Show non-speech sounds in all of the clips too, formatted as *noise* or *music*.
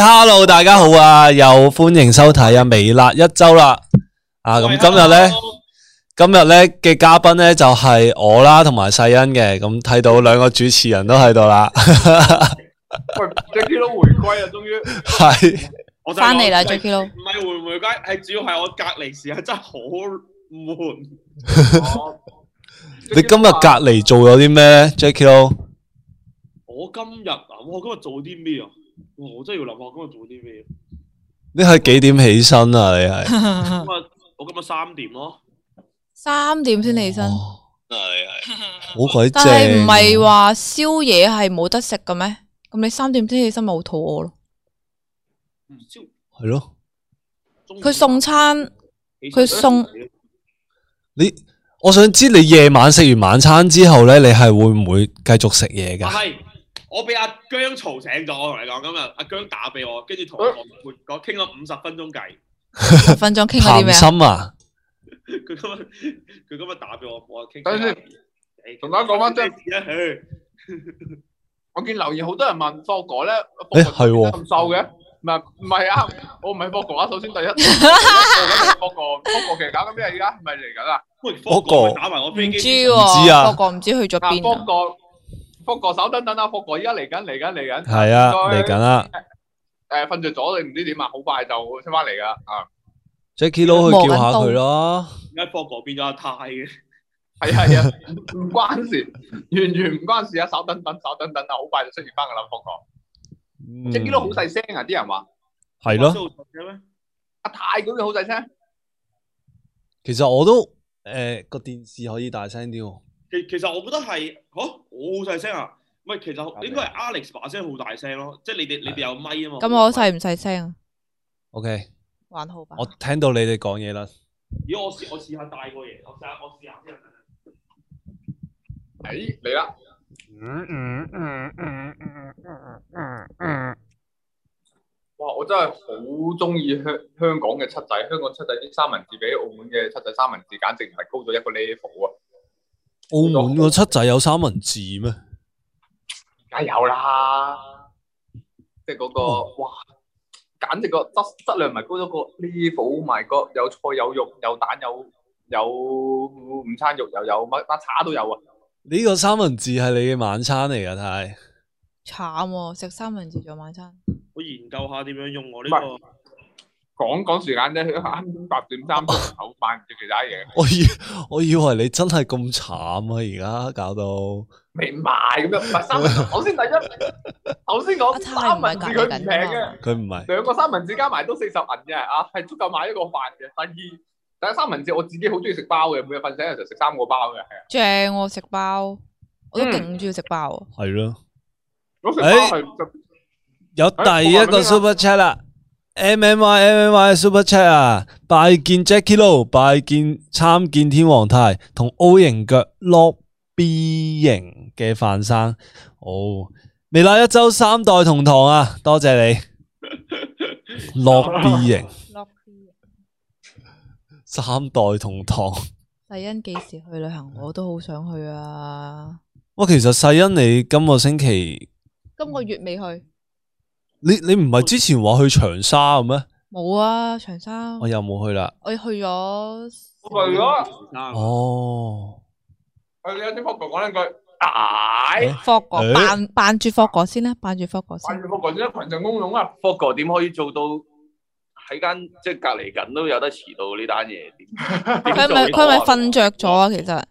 Hello，大家好啊，又歡迎收睇啊，微辣一周啦。啊，咁今日咧，今日咧嘅嘉賓咧就係我啦，同埋細欣嘅。咁睇到兩個主持人都喺度啦。Jacky Lou 都回歸啊，終於係我翻嚟，啦，Jacky Lou。唔係回唔回歸，係主要係我隔離時間真係好悶。你今日隔離做咗啲咩咧，Jacky Lou？我今日啊，我今日做咗啲咩啊？我真係要諗下今日做啲咩？你係幾點起身啊？你係我今日三點，點咯，三點先起身，係係好鬼正。但係唔係話宵夜係冇得食嘅咩？咁你三點先起身咪好肚餓咯？唔知係咯。佢送餐，佢送、啊、你。我想知你夜晚食完晚餐之後咧，你係會唔會繼續食嘢噶？我俾阿姜嘈醒咗，我同你講咁啊，阿姜打俾我，跟住同我換講傾咗五十分鐘計，十分鐘傾咗啲咩啊？貪心啊！佢今日佢今日打俾我，我傾，等陣先，同大家講翻先。我見留言好多人問霍哥咧，哎係喎，咁瘦嘅，唔係唔係啊，我唔係霍哥啊。首先第一，霍哥，霍哥其實搞緊咩依家？咪嚟緊啊！霍哥打埋我邊機唔知啊？霍哥唔知去咗邊啊？霍哥，稍等等啊！霍哥，而家嚟緊嚟緊嚟緊，係啊嚟緊啦！誒的，瞓着咗，你唔知點啊，好快就出翻嚟噶啊！Jacky 佬去叫下佢咯。而家霍哥變咗阿泰嘅？係係啊，唔關事，完全唔關事啊！稍等等，稍等等啊，好快就出面翻噶啦，霍哥。Jacky 都好細聲啊，啲人話係咯。阿泰咁樣好細聲。其實我都誒個電視可以大聲啲。其其實我覺得係，吓我好細聲啊，唔係、啊、其實應該係 Alex 把聲好大聲咯，即係你哋你哋有咪啊嘛。咁的我細唔細聲啊？OK，還好吧。我聽到你哋講嘢啦。咦，我試我試下帶個嘢，我試下我試下啲人。哎，嚟、欸、啦！嗯嗯嗯嗯嗯嗯嗯嗯嗯，哇、嗯嗯嗯嗯嗯！我真係好中意香香港嘅七仔，香港七仔啲三文治比澳門嘅七仔三文治簡直係高咗一個 level 啊！澳門個七仔有三文治咩？梗有啦，即係嗰個，哦、哇，簡直個質質量咪高咗、個 level，埋個有菜有肉有蛋有有，有午餐肉又有乜乜叉都有啊！呢個三文治係你嘅晚餐嚟噶，太慘、啊，食三文治做晚餐。我研究下點樣用我呢個。講講時間啫，佢啱八點三口飯買住其他嘢。我以、啊、我以為你真係咁慘啊，而家搞到未買咁樣，唔係三。頭先第一，頭先講三文治佢唔平嘅，佢唔係兩個三文治加埋都四十銀啫，啊，係足夠買一個飯嘅。第二，第三文治我自己好中意食包嘅，每日瞓醒就食三個包嘅，係啊，正我食包，我都勁中意食包。係咯、嗯，嗰食包係有第一個 super chat 啦。M my, M Y M M Y Super Chat 啊！Check，拜見 Jacky Lou，拜見參見天皇太同 O 型腳落 B 型嘅范生哦！未、oh，來一周三代同堂啊！多謝你落 *laughs* B 型，落 B 型三代同堂。細欣幾時去旅行？我都好想去啊！哇，其實細欣你今個星期今個月未去。你你唔係之前話去長沙嘅咩？冇啊，長沙我又冇去啦。哦。我去咗去咗長沙。哦。誒，你阿丁霍哥講兩句。唉，哎，霍哥哥、欸、扮扮住霍哥先啦，扮住霍哥先。扮住霍哥先，群就懵總啊！霍哥點可以做到喺間即係隔籬緊都有得遲到呢單嘢？點？ *laughs* 佢咪佢咪瞓着咗啊？其實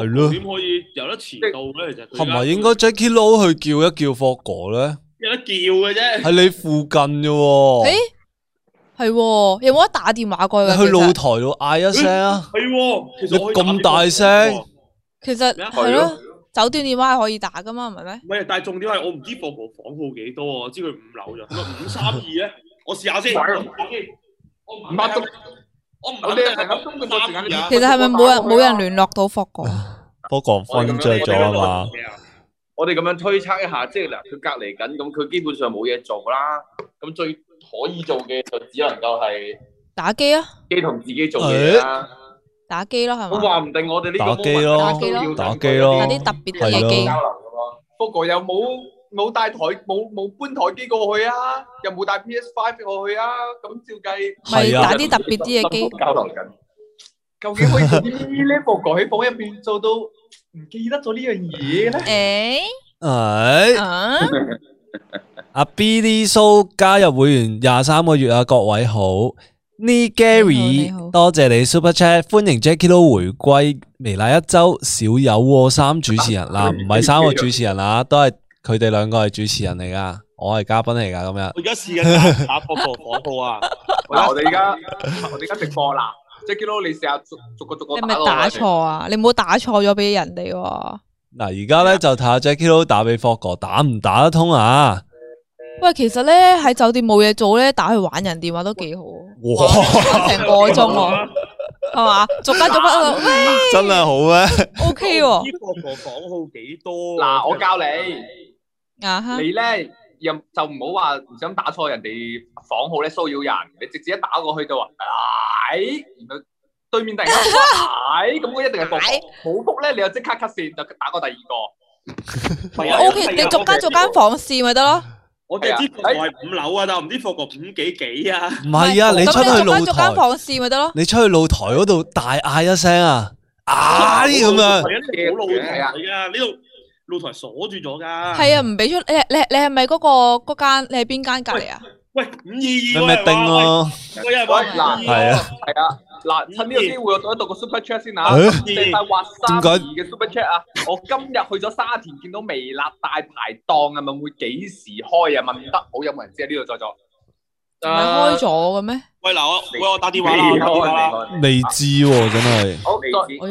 係咯。點可以有得遲到咧？其實係咪應該 Jacky Lou 去叫一叫霍哥咧？有得叫嘅啫，喺你附近嘅喎。誒，係，有冇得打電話過去？去露台度嗌一聲啊。係，你咁大聲？其實係咯，酒店電話係可以打噶嘛，唔係咩？唔係，但係重點係我唔知霍哥房號幾多，我知佢五樓咋，五三二啊，我試下先。唔得，我唔得。我唔得。其實係咪冇人冇人聯絡到霍哥？霍哥瞓着咗啊嘛。我哋咁樣推測一下，即係嗱，佢隔離緊，咁佢基本上冇嘢做啦。咁最可以做嘅就只能夠係打機啊，機同自己做嘢啦，打機咯，係嘛？我話唔定我哋呢個機要打機咯，打機咯，打啲特別啲嘅機。交流噶嘛？不過又冇冇帶台冇冇搬台機過去啊？又冇帶 PS Five 過去啊？咁照計係、啊、打啲特別啲嘅機交流緊？ *laughs* 究竟可以喺呢部房入邊做到？唔記得咗呢樣嘢咧？誒，係阿 BD Show 加入會員廿三個月啊！各位好，呢 Gary 多謝你 Super Chat，歡迎 Jacky Lou 回歸微辣一周小友，少有三主持人嗱，唔係哪三個主持人啦，哪都係佢哋兩個係主持人嚟噶，我係嘉賓嚟噶咁樣。我而家試緊打廣播廣播啊！ *laughs* 我哋而家我哋而家直播啦。Jacky Lou，你試下逐逐個逐個打，你咪打錯啊！你唔好打錯咗俾人哋。嗱，而家咧就睇下 Jacky Lou 打俾霍哥打唔打得通啊？喂，其實咧喺酒店冇嘢做咧，打去玩人電話都幾好。成哇個鐘喎、啊，係嘛？ *laughs* 逐間逐間。你哎、真係好咩？O K 喎。我唔知霍哥房號幾多。嗱、 *laughs* 啊，我教你。啊、哈你咧？又就唔好話唔想打錯人哋房號咧，騷擾人，你直接一打過去就話嗌，然後對面突然間嗌，咁佢一定係霍哥哥咧。你又即刻 cut 線，就打過第二個。係啊，OK，你逐間逐間房試咪得咯。我哋係五樓啊，但係唔知放個五幾幾啊。唔係啊，你出去露台逐間房試咪得咯。你出去露台嗰度大嗌一聲啊！啊咁啊。係啊，呢度。露台鎖住咗㗎。係啊，唔俾出。誒，你係你係咪嗰個間？你係、那個、邊間隔離啊？喂，五二二喎。咩定丁咯？我係啊，係啊。嗱、哎，趁呢個機會，我讀一讀個 Super Chat 先嚇。定曬滑三二嘅 Super Chat 啊！我今日去咗沙田，見 *coughs* 到微辣大排檔啊，問會幾時開啊？問得好，有冇人知啊？呢度再做。唔係開咗嘅咩？喂嗱，我喂我打電話，打電話，打電話啊！未知喎，真係好。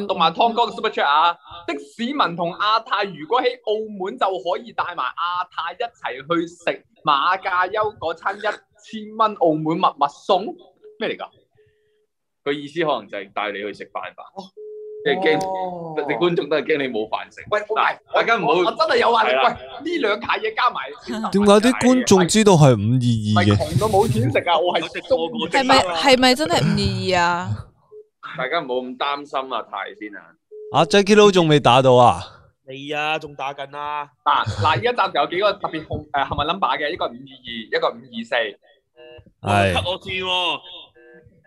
讀埋湯哥嘅 Super Chat 啊，啊的市民同阿太如果喺澳門就可以帶埋阿太一齊去食馬家優嗰餐一千蚊澳門密密送咩嚟噶？佢意思可能就係帶你去食飯吧。哦即係驚，啲觀眾都係驚你冇飯食。喂，大家唔好，我真係有話。喂，呢兩下嘢加埋，點解啲觀眾知道係五二二嘅？窮到冇錢食啊！我係食係咪係咪真係五二二啊？大家唔好咁擔心啊，泰先啊。阿 Jacky Lou 仲未打到啊？未啊，仲打緊啊。嗱嗱，而家暫時有幾個特別紅誒，係咪 number 嘅，一個五二二，一個五二四。係。我知喎。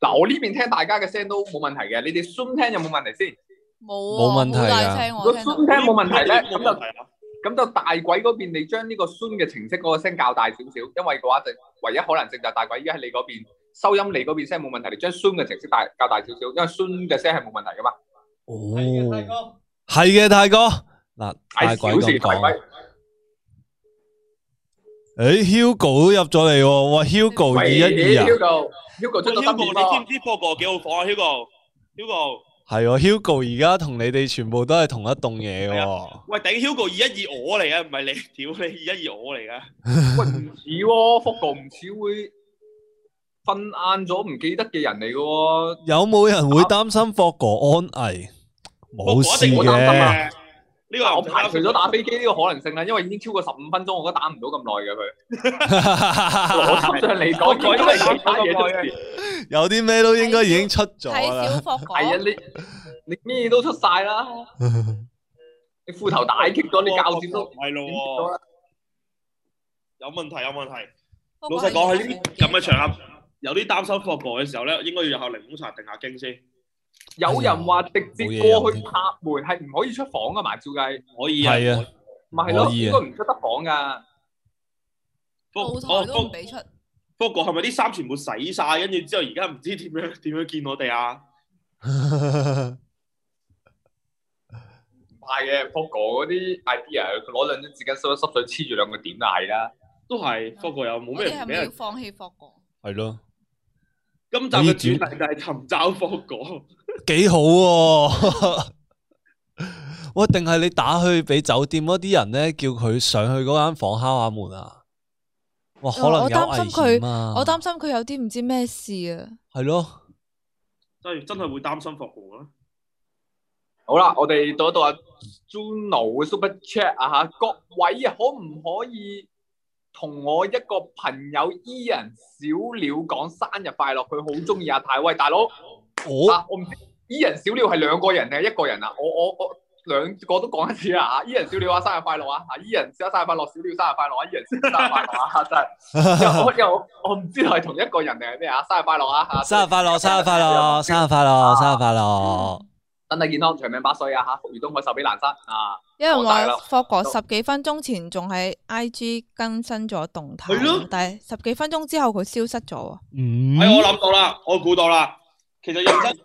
嗱，我呢邊聽大家嘅聲都冇問題嘅，你哋 Zoom 聽有冇問題先？冇冇問題啊！如果 Zoom 聽冇問題咧，咁就咁就大鬼嗰邊，你將呢個 Zoom 嘅程式嗰個聲較大少少，因為嘅話就唯一可能性就大鬼依家喺你嗰邊收音，你嗰邊聲冇問題，你將 Zoom 嘅程式大較大少少，因為 Zoom 嘅聲係冇問題噶嘛。哦，係嘅，大哥嗱，大鬼咁大。誒，Hugo 都入咗嚟喎，喂，Hugo 二一二啊，Hugo，Hugo，你知唔知霍哥幾號房啊？Hugo，Hugo 係哦，Hugo 而家同你哋全部都係同一棟嘢嘅。喂，頂，Hugo 二一二我嚟嘅，唔係你，屌你二一二我嚟嘅，喂，唔似喎，霍哥唔似會瞓晏咗唔記得嘅人嚟嘅。有冇人會擔心霍哥安危？冇事嘅。呢個係我排除咗打飛機呢個可能性啦，因為已經超過十五分鐘，我覺得打唔到咁耐嘅佢。我心上嚟講， *laughs* 有啲咩都應該已經出咗啦。睇霍哥講。係啊，你你咩都出晒啦。你斧頭大擊咗啲教點都了。係咯喎。有問題，有問題。老實講喺呢啲咁嘅場合，有啲擔心霍哥嘅時候咧，應該要有下檸檬茶定下驚先。有人話直接過去拍門，係唔可以出房噶嘛？照計可以啊，咪係咯，應該唔出得房噶。布頭都唔俾出。霍哥係咪啲衫全部洗晒，跟住之後而家唔知點樣點樣見我哋啊？唔係啊，霍哥嗰啲 idea 佢攞兩張紙巾收一濕水，黐住兩個點就係啦。都係，霍哥又冇咩嘢？我哋要放棄？霍哥係咯，今集嘅主題就係尋找霍哥。幾好喎、啊！我定係你打去俾酒店嗰啲人咧，叫佢上去嗰間房敲下門啊！我可能有危險嘛、啊！我擔心佢有啲唔知咩事啊！係咯了，即係真係會擔心服務啦。好啦，我哋到一到阿 Junno Super Chat 啊吓，各位啊，可唔可以同我一個朋友伊人小鳥講生日快樂？佢好中意阿泰，喂，大佬。我啊！我唔知伊人小鳥係兩個人定係一個人啊！我我我兩個都講一次啊。吓！伊人小鳥啊，生日快樂啊！吓，伊人小啊，生日快樂，小鳥生日快樂，啊，伊人 *laughs* 生日快樂啊，啊！真係，又又我唔知係同一個人定係咩啊？生日快樂啊！生日快樂，生日快樂，生日快樂，啊，生日快樂，身體健康，長命百歲啊！吓，福如東海，壽比南山啊！因為我發覺十幾分鐘前仲喺 IG 更新咗動態，了但係十幾分鐘之後佢消失咗喎。嗯，哎，我諗到啦，我估到啦。其實認真，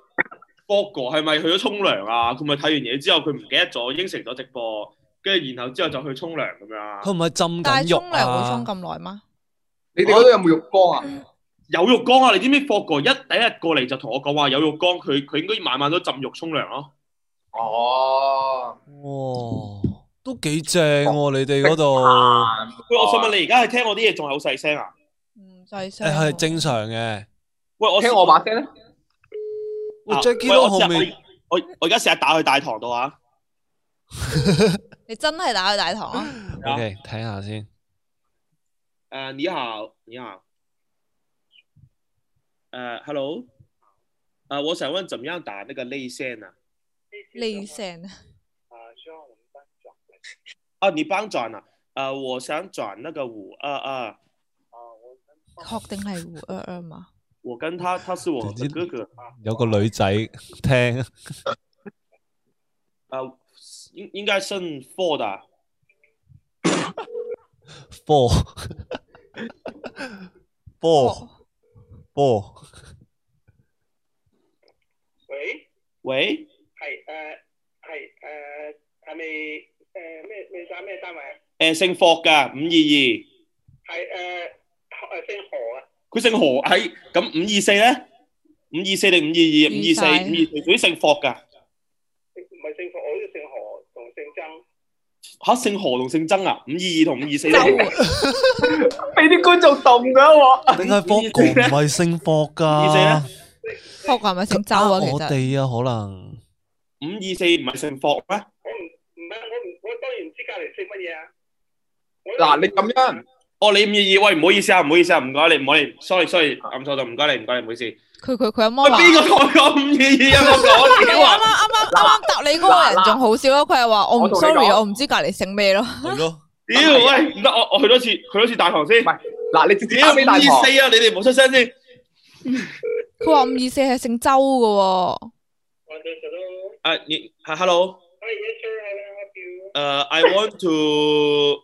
霍哥係咪去咗沖涼啊？佢咪睇完嘢，之後，佢唔記得咗應承咗直播，跟住，然後之後就去沖涼咁樣啊？佢唔係浸緊浴啊？但沖涼會沖咁耐嗎？你哋嗰度有冇浴缸啊？有浴缸啊！你知唔知霍哥一，第一日過嚟就同我講話有浴缸，佢佢應該要晚晚都浸浴沖涼咯。哦，哇，都幾正喎！你哋嗰度，喂我想問你而家係聽我啲嘢，仲係好細聲啊？唔細聲，係正常嘅。喂，我聽我把聲咧。喂 Jacky 我試試，我我而家成日打去大堂度啊。你真係打去大堂啊？OK，睇下先。啊，你好，你好。誒、uh,，Hello uh, 啊。Uh, uh, 啊，我想問，點樣打呢個內線啊？內線。啊，需要我哋幫轉？哦，你幫轉啦。啊，我想轉那個五二二。我。確定係五二二嗎？我跟他，他是我的哥哥。有個女仔聽。啊，應應該姓霍的。霍，霍，霍。喂？喂？係、呃、誒，係誒，係咪誒咩咩家咩單位啊？誒、呃，姓霍噶，五二二。係誒，誒、呃、姓何啊。佢姓何，係咁五二四咧？五二四定五二二？五二四五二，佢姓霍噶？唔係姓霍，我呢個姓何同姓曾。吓，姓何同姓曾啊？五二二同五二四。俾啲觀眾凍咗我。定係霍哥唔係姓霍噶？五二四咧？霍哥係咪姓周啊？其實我哋啊，可能五二四唔係姓霍咩？我唔唔係我唔我當然唔知隔籬姓乜嘢啊！嗱，你咁樣。哦，你唔意意喂，唔好意思啊，唔好意思啊，唔該你，唔該你，sorry sorry，啱錯就，唔該你，唔該你，唔好意思。佢佢佢有乜？邊個講咁意意啊？佢話啱啱啱啱答你嗰個人仲好笑咯，佢係話我唔 sorry，我唔知隔籬姓咩咯。屌，喂，唔得，我我去多次，去多次大堂先。唔係，嗱，你點五二四啊？你哋冇出聲先。佢話五二四係姓周噶。啊，你，hello。Hi, yes, sir. I love you. Uh, I want to.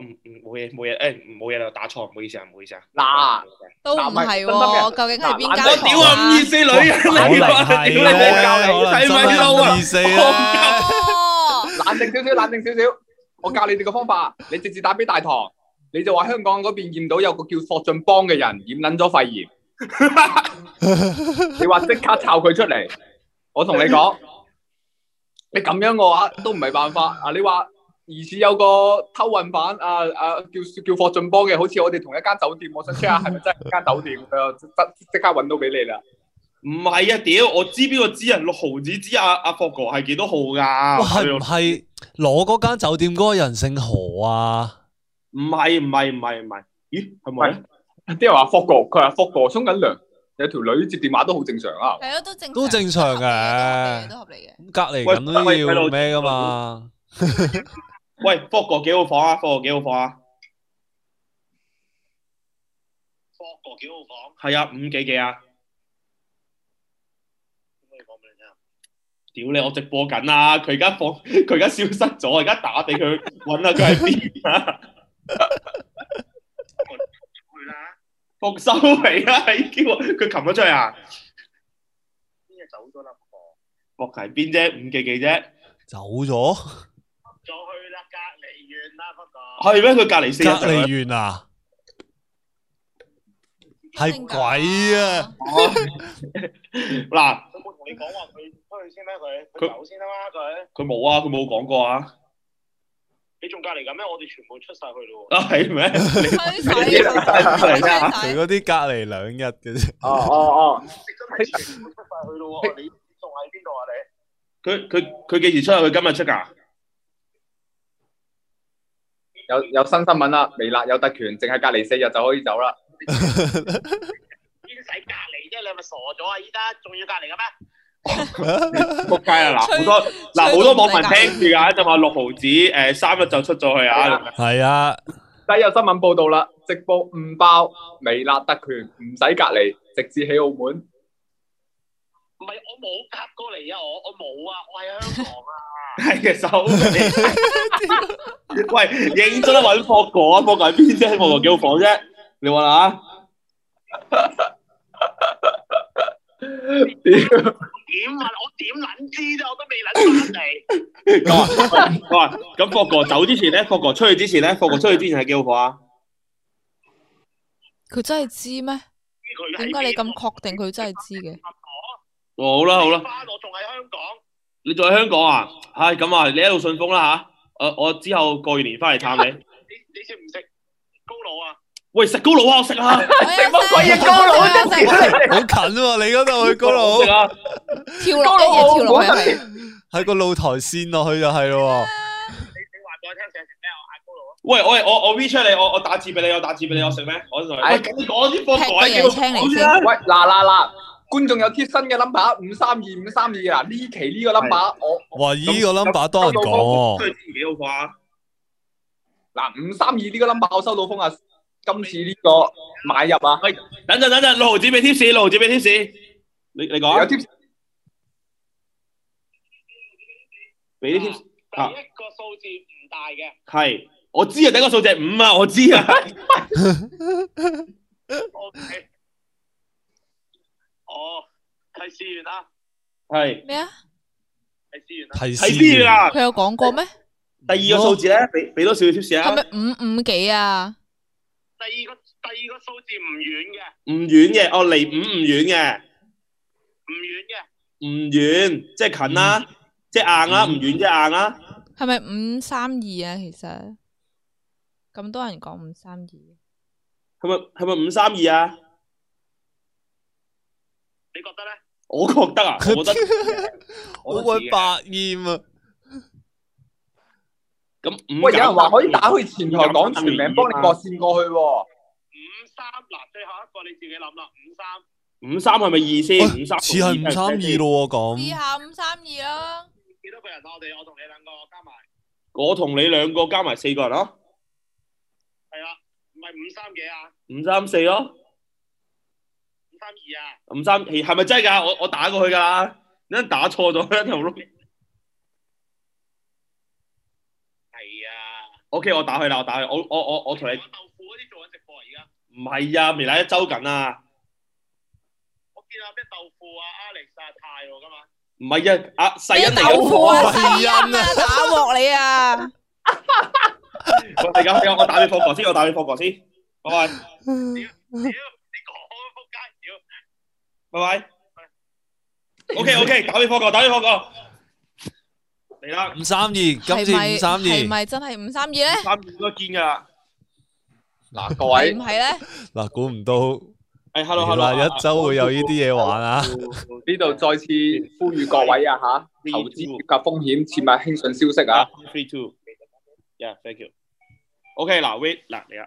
唔唔冇嘢冇嘢，誒冇嘢啦，打錯唔好意思啊，唔好意思啊。嗱，都唔係喎，究竟係邊間？我屌啊，五二四女人嚟我你屌你死教，你死咪知道啊！冷靜少少，冷靜少少。我教你哋個方，方法，你直接打俾大堂，你就話香港嗰邊驗到有個叫霍俊邦嘅人染捻咗肺炎， *laughs* 你話即刻抄佢出嚟。我同你講，你咁樣嘅話都唔係辦法。啊，你話？疑似有個偷運犯，啊啊叫叫霍進波嘅，好似我哋同一間酒店，我想 check 下係咪真係間酒店，就即即刻搵到俾你啦。唔係啊屌，我知邊個知人六毫子知阿阿、啊、霍哥係幾多號噶？係唔係攞嗰間酒店嗰個人姓何啊？唔係唔係唔係唔係？咦係咪？啲人話霍哥，佢話霍哥沖緊涼，有條女接電話都好正常啊。係咯，都正都正常嘅，都合理嘅。隔籬咁都要咩噶嘛？ *laughs* 喂，霍哥幾號房啊？霍哥幾號房啊？霍哥幾號房、啊？係啊，五幾幾啊？屌你，我直播緊啊！佢而家放，佢而家消失咗，我而家打俾佢，搵下佢喺邊啊！覆收未啊？你叫佢擒咗出去啊？邊隻、 *laughs* 啊、走咗喇霍哥？霍哥係邊啫？五幾幾啫？走咗。遠係咩？佢隔離先、啊？隔離完啊，係 *laughs* 鬼啊！嗱、 *laughs* *laughs* 啊，佢冇同你講話佢出去先咩？佢佢走先啦嘛？佢佢冇啊，佢冇講過啊！你仲隔離緊咩？我哋全部出晒去咯喎！啊，係咩嗎？ *laughs* 你啊、出晒去啦、啊！嗰啲隔離兩日嘅啫。哦哦哦！真係全部出晒去咯喎！你仲喺邊度啊？你佢佢佢幾時出啊？佢今日出㗎。有有新新聞啦，微辣有特權，淨係隔離四日就可以走啦。邊使 *laughs* 隔離啫？你係咪傻咗啊？依家仲要隔離嘅咩？撲街啦！嗱，好吹多嗱好吹多網民聽住噶，就話六毫子，誒、呃、三日就出咗去啊！係啊，今有、啊、新聞報道啦，直播誤爆微辣特權唔使隔離，直至喺澳門。唔係我冇隔過嚟啊！我我冇啊！我喺香港啊！ *laughs* 係嘅手，喂，認真揾霍哥啊！霍哥邊啫？霍哥幾好房啫？你話啦吓？點？點我點撚知啫？我都未撚翻嚟。我我咁霍哥走之前咧，霍哥出去之前咧，霍哥出去之前係幾好房啊？佢真係知咩？點解你咁確定佢真係知嘅？哦，好啦，好啦。花我仲係香港。你仲喺香港啊？係咁啊，你一路順風啦吓。誒，我之後過完年翻嚟探你。你你食唔食高佬啊？喂，食高佬啊，食啊。食乜鬼嘢高佬？好近啊！你嗰度去高佬。跳高嘅嘢跳落嚟，喺個露台先落去就係咯。你你話再聽食食咩？我嗌高佬。啊！喂，我我我 V 出你，我我打字俾你，我打字俾你，我食咩？我食。喂，咁你講啲鬼嘢聽你先！喂，嗱嗱嗱。觀眾有貼身嘅 number 五三二五三二啊！呢期呢個 number 我哇呢，這個 number 多人講哦。嗱，五三二呢個 number 我收到風啊，今次呢個買入啊，喂，等陣等陣，六毫紙俾貼士，六毫紙俾貼士，你你講。俾啲貼士。第一個數字唔大嘅。係，我知啊，第一個數字五啊，我知啊。 *laughs* *laughs* okay. 哦，提示完啦，係咩啊？提示完啦！提示啊！佢有講過咩？第二個數字咧，俾俾多少少少啊？係咪五五幾啊？第二個第二個數字唔遠嘅，唔遠嘅，哦，離五唔遠嘅，唔遠嘅，唔遠，即係近啦，啊，即係硬啊，唔遠即係硬啊。係咪五三二啊？其實咁多人講五三二，係咪係咪五三二啊？你覺得咧？我覺得啊，我覺得好鬼百厭啊！咁喂，有人話可以打去前台講全名，幫你過線過去。五三嗱，最後一個你自己諗啦。五三五三係咪二先？五三似係五三二咯，咁二下五三二咯。幾多個人？我哋我同你兩個加埋，我同你兩個加埋四個人咯！係啊，唔係五三幾啊？五三四咯。三二啊，五三二係咪真噶？我我打過去噶啦，你打錯咗一條碌。係啊。O K，我打佢啦，我打佢，我我我我同你。豆腐嗰啲做緊直播啊，而家。唔係啊，微辣一周緊啊。我見到啲豆腐啊，阿力晒太喎，今晚。唔係啊，阿細欣嚟咗啊，細欣啊，打鑊你啊。我嚟緊嚟緊，我打你霍哥先，我打你霍哥先，喂。拜拜。O K O K，打俾霍哥，打俾霍哥。嚟啦，五三二，今次五三二。係咪真係五三二咧？三二都見噶啦。嗱，各位。唔係咧。嗱，估唔到。係，hello hello。原來一周會有呢啲嘢玩啊！呢度再次呼籲各位啊吓，投資涉及風險，切勿輕信消息啊。Three two, yeah, thank you. O K，嗱，wait，嗱你啊。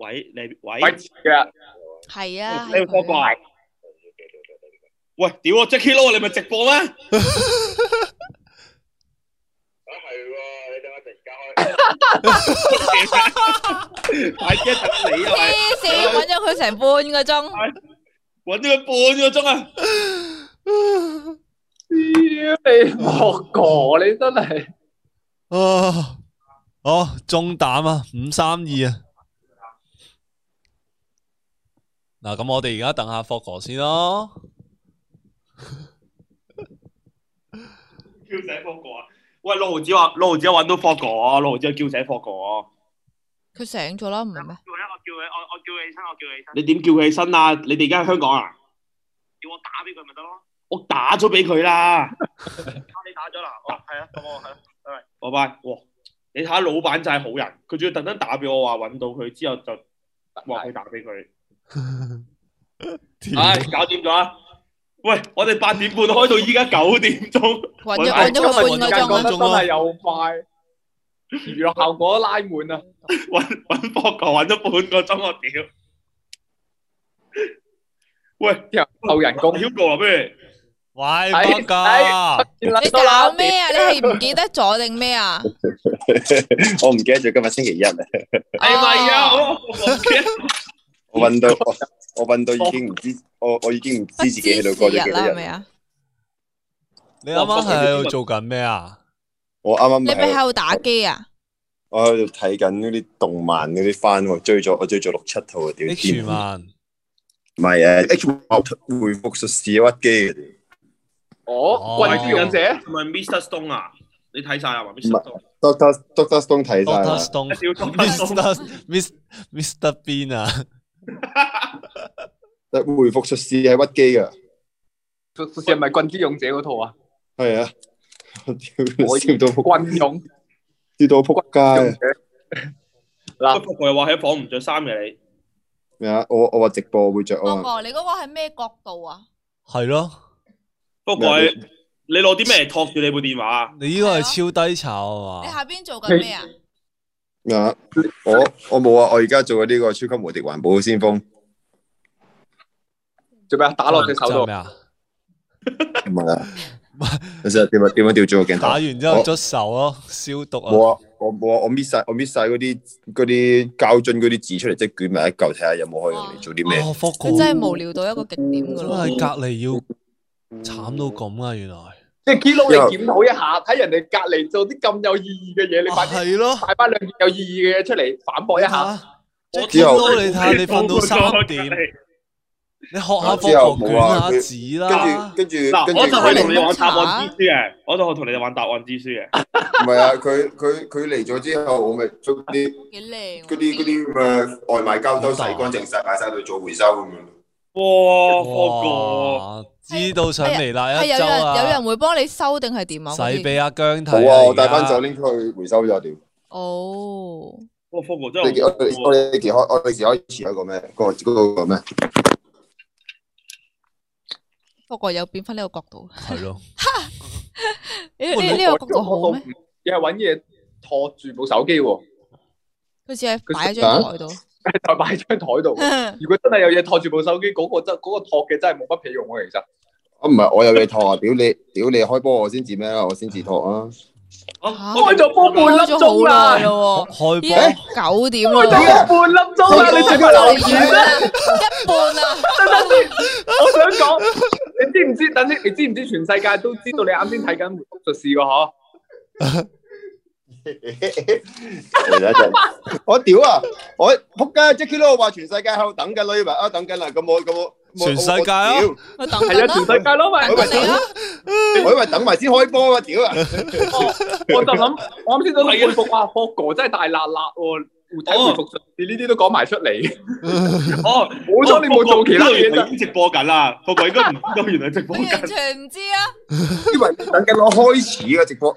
喂，你喂，係啊，係啊，喂，屌啊，Jacky，你咪直播咩？啊係喎，你點解突然間開？係啊，等你啊，黐線，搵咗佢成半個鐘，搵咗佢半個鐘啊！屌你，霍哥，你真係啊，哦，中膽啊，五三二啊！嗱，咁我哋而家等下霍哥先咯。 *laughs* 叫醒霍哥啊！喂，六毫子話六毫子揾到霍哥 g o 六毫子叫醒霍哥 g 佢醒咗啦，唔係咩？叫佢，我叫佢，我我叫佢起身，我叫佢起身。起起你點叫佢起身啊？你哋而家喺香港啊？叫我打俾佢咪得咯？我打咗俾佢啦。你打咗啦？係、哦、啊，咁我係。啊啊啊、拜拜。你睇下，老闆就係好人，佢仲要特登打俾我話揾到佢之後就話佢打俾佢。唉，搞掂咗啊！喂，我哋八點半開到依家九點鐘，搵咗個半個鐘啊！時間過得真係又快，娛樂效果拉滿啊！搵搵霍哥搵咗半個鐘，我屌！喂，有人過 Q 過咩？喂，霍哥，你搞咩啊？你係唔記得咗定咩啊？我唔記得咗今日星期一啊！哎呀！我暈到我我暈到已經唔知我我已經唔知自己喺度過咗幾日。你啱啱喺度做緊咩啊？我啱啱你咪喺度打機啊？我喺度睇緊嗰啲動漫嗰啲番，追咗我追咗六七套啊！屌，你全唔係誒回復術士屈機嘅，我《迷失忍者》同埋 Mr. Stone 啊？你睇晒啊？唔係 Doctor Doctor Stone 睇晒啦。Doctor Stone，Mr. Bean *laughs* 回復術士係屈機噶，術士係咪《棍之勇者》嗰套啊？係啊，我笑到撲勇！笑到撲街。嗱，又話喺房唔着衫嘅你，咩啊？我我話直播會着啊嘛。哥能你嗰個係咩角度啊？係咯了，不過你攞啲咩托住你部電話？你呢個係超低炒啊 *laughs* 你下邊做緊咩啊？ *laughs* 啊！我我冇啊！我而家做嘅呢個超級無敵環保嘅先鋒。做咩啊？打落隻手度咩？唔係啊！其實點樣點樣掉咗個鏡，打完之後捽手咯，消毒啊！啊啊我啊我、啊、我我搣晒我搣晒嗰啲嗰啲膠樽嗰啲紙出嚟，即係捲埋一嚿，睇下有冇可以用嚟做啲咩？你、啊哦、真係無聊到一個極點噶啦！喺隔離要慘到咁啊，原來。即係幾佬，你檢討一下，睇人哋隔籬做啲咁有意義嘅嘢，你快啲大翻兩件有意義嘅嘢出嚟反駁一下。我幾努力睇，你瞓到三點，你學下複習卷啦，紙啦，跟住跟住跟住，我就同你玩答案之書嘅。我就同你哋玩答案之書嘅。唔係啊，佢佢佢嚟咗之後，我咪做啲幾嗰啲嗰啲外賣膠都洗乾淨晒擺晒去做回收咁樣。哇，好過。知道上嚟啦，有人有人會幫你收定係點啊？使俾阿姜睇，好啊！我帶翻袋拎出去回收咗，點？哦，個副部真係我我我你開我你時開前一個咩？嗰個嗰個咩？副部有變翻呢個角度，係咯？呢呢呢個角度好咩？你係揾嘢托住部手機喎，佢似係擺喺張台度。就擺喺張台度。如果真係有嘢托住部手機，嗰、嗰個真、嗰個托嘅真係冇乜屁用啊！其實，我唔係我有托 *laughs* 你托啊！屌你，屌你開波我先至咩啦？我先至托啊！開咗波半粒鐘啦，開波球、欸、九點啊，開咗半粒鐘啦，你做乜漏完啦？一半啊！ *laughs* 等等先，我想講，你知唔知？等你知唔知？全世界都知道你啱先睇緊魔術師個嗬？ *laughs* 我屌啊！我仆街，Jacky 都話全世界喺度等緊你，咪啊等緊啦！咁我咁我全世界啊，係啊，全世界咯，咪我咪等，我咪等埋先開波啊！屌啊！我就諗，我啱先都未要復啊！霍哥真係大辣辣喎！我你呢啲都講埋出嚟，哦，我哥你冇做其他嘢啦！直播緊啦，霍哥應該唔多，原來直播緊，完全唔知啊！因為等緊我開始嘅直播。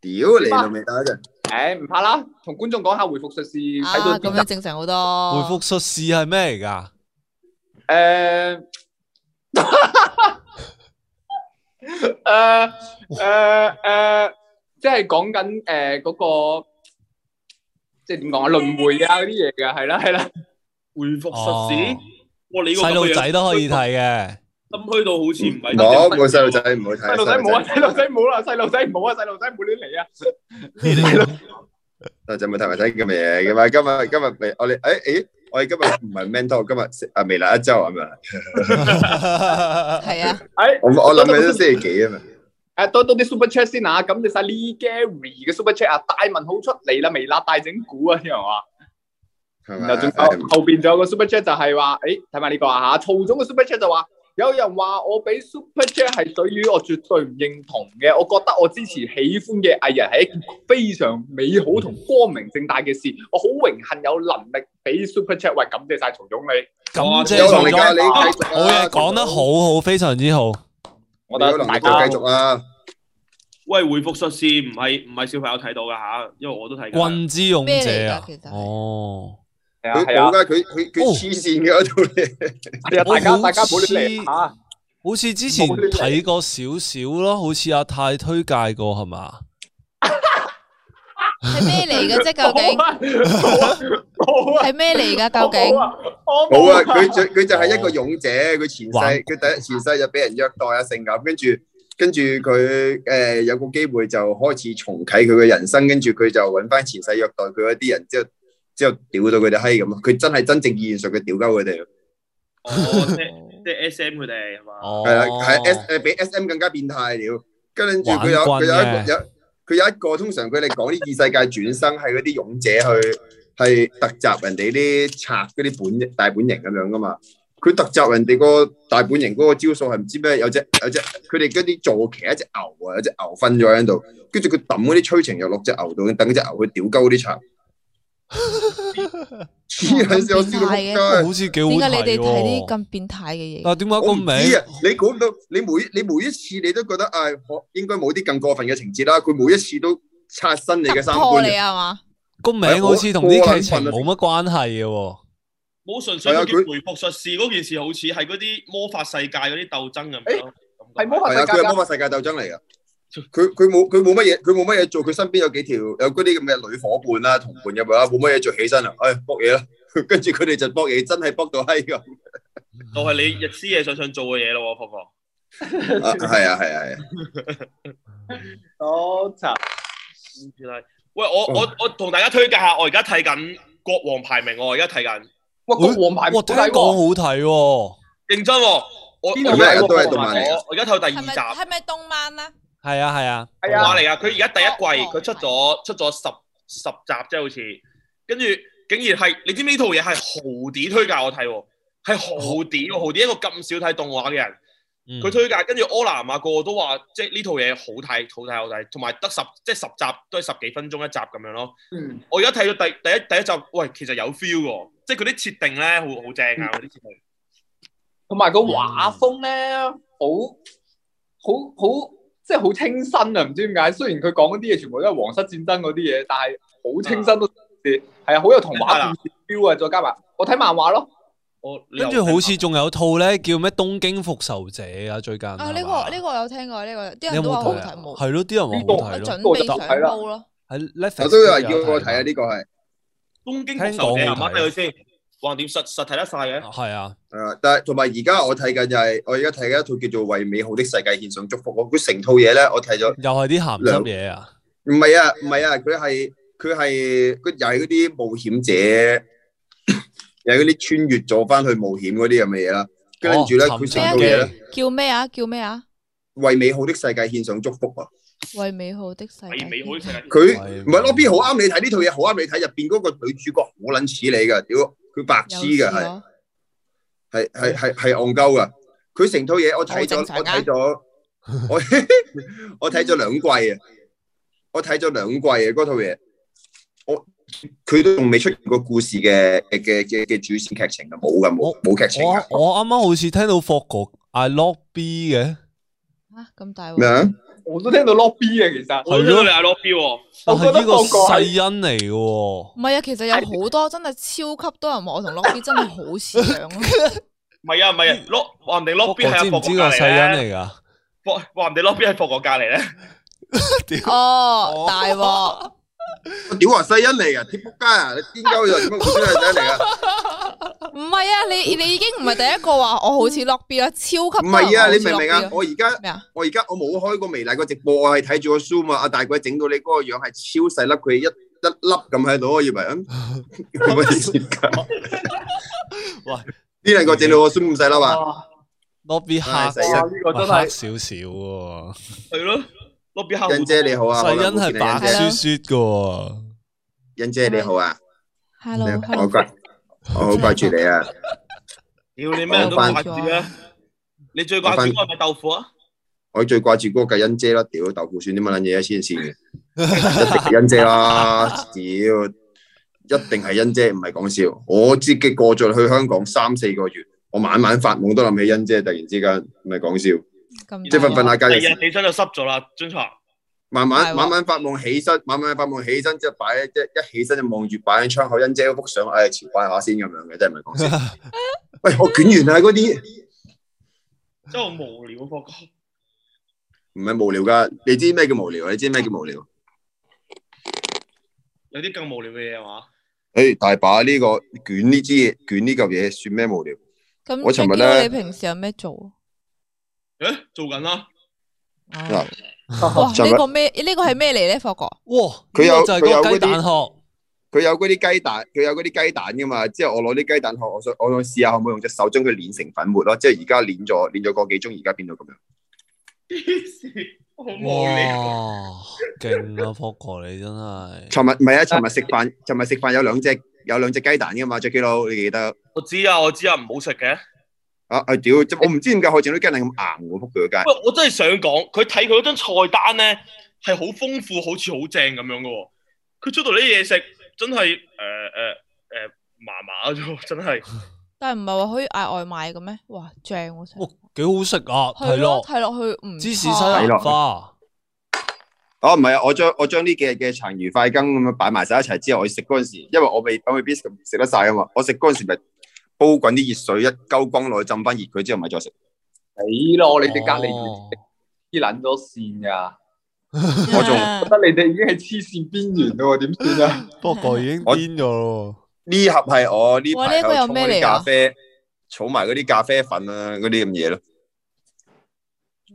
屌你仲未打啫？誒、欸，唔怕啦，同觀眾講下回復術士，睇到咁樣正常好多。回復術士是什麼。回復術士係咩嚟噶？誒、 *laughs* 呃，誒、呃、誒、呃，即係講緊誒嗰個，即係點講啊？輪回啊嗰啲嘢噶，係啦係啦。回復術士，我、哦、你細路仔都可以睇嘅。心虛到好似唔係我。個細路仔唔好睇，細路仔冇啊，細路仔冇啦，細路仔冇啊，細路仔唔好亂嚟啊！阿仔咪睇下睇咁嘅嘢嘅嘛？今日今日未我哋誒誒，我哋今日唔係 mental，今日阿微辣一周啊嘛，係啊！我我諗緊星期幾啊嘛？誒，多多啲 super chat 先啊！咁你睇下呢 Gary 嘅 super chat 啊，大文好出嚟啦，微辣大整蠱啊，係嘛？後後後邊仲有個 super chat 就係話誒，睇埋呢個吓曹總嘅 super chat 就話。有人話我俾 Super Chat 係水魚，我絕對唔認同嘅。我覺得我支持喜歡嘅藝人係一件非常美好同光明正大嘅事。我好榮幸有能力俾 Super Chat，喂，感謝晒曹總理。咁即係講，好嘢講得好好，的非常之好。我大家繼續啊！喂，回復術士，唔係唔係小朋友睇到噶吓，因為我都睇。運之勇者哦。係啊，係啊，佢佢佢黐線嘅嗰套嘢，大家大家冇呢咩？好似之前睇過少少咯，好似阿泰推介過係嘛？係咩嚟嘅啫？究竟係咩嚟噶？究竟？冇啊，佢佢就係一個勇者，佢前世佢第前世就俾人虐待啊成咁。跟住跟住佢誒有個機會就開始重啟佢嘅人生，跟住佢就揾翻前世虐待佢嗰啲人之後。之後屌到佢哋閪咁佢真係真正現實嘅屌鳩佢哋。即 S, 即 S *laughs* S.M. 佢哋係嘛？係啊，係 S,、哦、S, S 比 S.M. 更加變態了。跟住佢有佢有一個，佢有一個，有一個通常佢哋講啲異世界轉生係嗰啲勇者去係突襲人哋啲賊嗰啲本大本營咁樣噶嘛。佢突襲人哋個大本營嗰個招數係唔知咩？有隻有隻佢哋嗰啲坐騎係一隻牛喎，有隻牛瞓咗喺度。跟住佢抌嗰啲催情藥落隻牛度，等隻牛去屌鳩啲賊。 *laughs* 有變態嘅，好似幾好睇。點解你哋睇啲咁變態嘅嘢？啊，點解個名？啊、你估唔到，你每你每一次你都覺得，誒、哎，應該冇啲咁過分嘅情節啦。佢每一次都刷新你嘅三觀，你係嘛？個名好似同啲劇情冇乜關係嘅，啊，冇純、哎、粹佢回復術士嗰件事，好似係嗰啲魔法世界嗰啲鬥爭咁樣。係、哎哎、魔法世界鬥，係啊、哎，係魔法世界鬥爭嚟噶佢佢冇佢冇乜嘢，佢冇乜嘢做，佢身邊有幾條有嗰啲咁嘅女伙伴啦、同伴入面，冇乜嘢做起身啊！哎，卜嘢啦，跟住佢哋就卜嘢，真係卜到閪咁。哎、 *laughs* 就係你日思夜想想做嘅嘢咯，婆婆。係啊係啊係啊。好柒、啊啊。喂，我我我同大家推介下，我而家睇緊《國王排名》。我而家睇緊。哇，《國王排名》我王聽過、哦，好睇喎。認真、哦。我而家睇都係動漫嚟。我而家睇第二集。係咪動漫啊？是係啊係啊，係啊。畫嚟啊，佢而家第一季佢、哦哦、出咗出咗十十集啫，好似跟住竟然係，你知唔知呢套嘢係豪啲推介我睇喎？係豪啲喎，嗯、豪啲一個咁少睇動畫嘅人，佢推介，跟住柯南啊個個都話，即係呢套嘢好睇，好睇，好睇，同埋得十即係十集都係十幾分鐘一集咁樣咯。嗯、我而家睇咗第第一第一，第一集，喂，其實有 feel 喎，即係佢啲設定咧，好好正啊，嗰啲、嗯、設定。同埋個畫風咧、嗯，好好好。即係好清新啊！唔知點解，雖然佢講嗰啲嘢全部都係皇室戰爭嗰啲嘢，但係好清新咯。啲係啊，好有童話 feel 啊！再加埋我睇漫畫咯，我跟住好似仲有套咧叫咩《東京復仇者》啊，最近啊呢個呢個有聽過，呢個啲人都話好睇喎。係咯，啲人唔好睇咯，準備想睇咯。係，首先又係要我睇啊，呢個係東京復仇者睇先。哇！橫掂實實睇得晒嘅？係啊，係但係同埋而家我睇緊就係我而家睇緊一套叫做《為美好的世界獻上祝福》啊！佢成套嘢咧，我睇咗又係啲鹹濕嘢啊！唔係啊，唔係啊，佢係佢係佢又係嗰啲冒險者，又係嗰啲穿越咗翻去冒險嗰啲咁嘅嘢啦。跟住咧，佢成套嘢咧叫咩啊？叫咩啊？為美好的世界獻上祝福啊！為美好的世美好世界佢唔係嗰邊好啱你睇呢套嘢，好啱你睇入邊嗰個女主角好撚似你㗎，屌！佢白痴嘅係，係係係係戇鳩噶，佢成套嘢我睇咗，我睇咗，我我睇咗兩季啊，我睇咗兩季啊，嗰套嘢，我佢都仲未出現過故事嘅嘅嘅嘅主線劇情啊，冇噶冇冇劇情啊！我我啱啱好似聽到霍哥 I lock B 嘅，吓咁大咩啊？我都聽到 lobby 啊，其實係咯，你係 lobby，但係呢個細欣嚟嘅。唔係啊，其實有好多真係超級多人話我同 lobby 真係好似咯。唔係 *laughs* *laughs* 啊，唔係 lobby 話人哋 lobby 係阿博哥隔籬咧？知唔知個細欣嚟噶？話人哋 lobby 係博哥隔籬咧。哦，大鑊！我屌，話細欣嚟噶，貼扑街啊！你點解又咁樣嚟啊？唔係啊，你你已經唔係第一個話我好似落 B 啦，超級唔係啊！你明唔明啊？我而家我而家我冇開過微辣個直播，我係睇住個 zoom 啊！阿大鬼，整到你嗰個樣係超細粒，佢一一粒咁喺度，我以為，嗯，點解事噶？哇！呢兩個整到個 zoom 咁細粒啊！落 B 嚇死，真係黑少少喎，係咯。欣姐你好啊，細欣係白雪雪嘅。欣姐, Hello. 欣姐你好啊，hello，好掛， *laughs* 我好掛住你啊。屌 *laughs* 你咩都掛住啊？回你最掛住係咪豆腐啊？我,我最掛住嗰個係欣姐啦。屌豆腐算啲乜撚嘢啊？黐線嘅， *laughs* 一定係欣姐啦。屌，一定係欣姐，唔係講笑。我自己過咗去香港三四個月，我晚晚發夢都諗起欣姐。突然之間，唔係講笑。這即係瞓瞓下覺，日日起身就濕咗啦，張床。慢慢慢慢發夢，起身、哦，慢慢發夢起身，之後擺一一起身就望住擺喺窗口欣姐嗰幅相，哎，朝拜下先咁樣嘅，真係唔係講笑。喂、哎，我捲完啦，嗰啲真係好無聊，哥哥。唔係無聊噶，你知咩叫無聊？你知咩叫無聊？有啲更無聊嘅嘢係嘛？哎，hey, 大把呢、這個捲呢支嘢，捲呢嚿嘢算咩無聊？咁那你，我尋日咧，你平時有咩做？欸、做緊啦。哎呀啊、哇，呢天個咩？呢、這個係咩嚟咧？霍、哦、哥，哇，佢有就係個雞蛋殼，佢有啲雞蛋，佢有啲雞蛋噶嘛。即係我攞啲雞蛋殼，我想我想試下可唔可以用隻手將佢碾成粉末咯。即係而家碾咗，碾咗個幾鐘，而家變到咁樣。黐線 *laughs* 哇，好無聊。勁啊， *laughs* 霍哥，你真係。尋日唔係啊，尋日食飯，尋日食飯有兩隻有兩隻雞蛋噶嘛 Jacky 佬你記得？我知啊，我知啊，唔好食嘅。啊，啊！我屌，我唔知點解整到雞蛋咁硬喎、啊，仆佢個街，喂，我真係想講，佢睇佢嗰張菜單咧，係好豐富，好似好正咁樣嘅喎、哦。佢出到啲嘢食，真係誒誒誒麻麻咗，真係。但係唔係話可以嗌外賣嘅咩？哇，正喎！幾、哦、好食啊！係咯了，睇落去唔？芝士西蘭花。哦、啊，唔係啊！我將我將呢幾日嘅殘餘快羹咁樣擺埋晒一齊之後，我食嗰陣時，因為我未等未必 i 食得晒啊嘛，我食嗰陣時咪。煲滾啲熱水，一溝光落去浸翻熱佢之後，咪再食。死咯！你哋隔籬啲捻咗線噶，我仲覺得你哋已經係黐線邊緣咯，點算啊？霍哥的已經癲咗。呢盒係我呢排、這個、個有咩啲咖啡，儲埋嗰啲咖啡粉啦、啊，嗰啲咁嘢咯。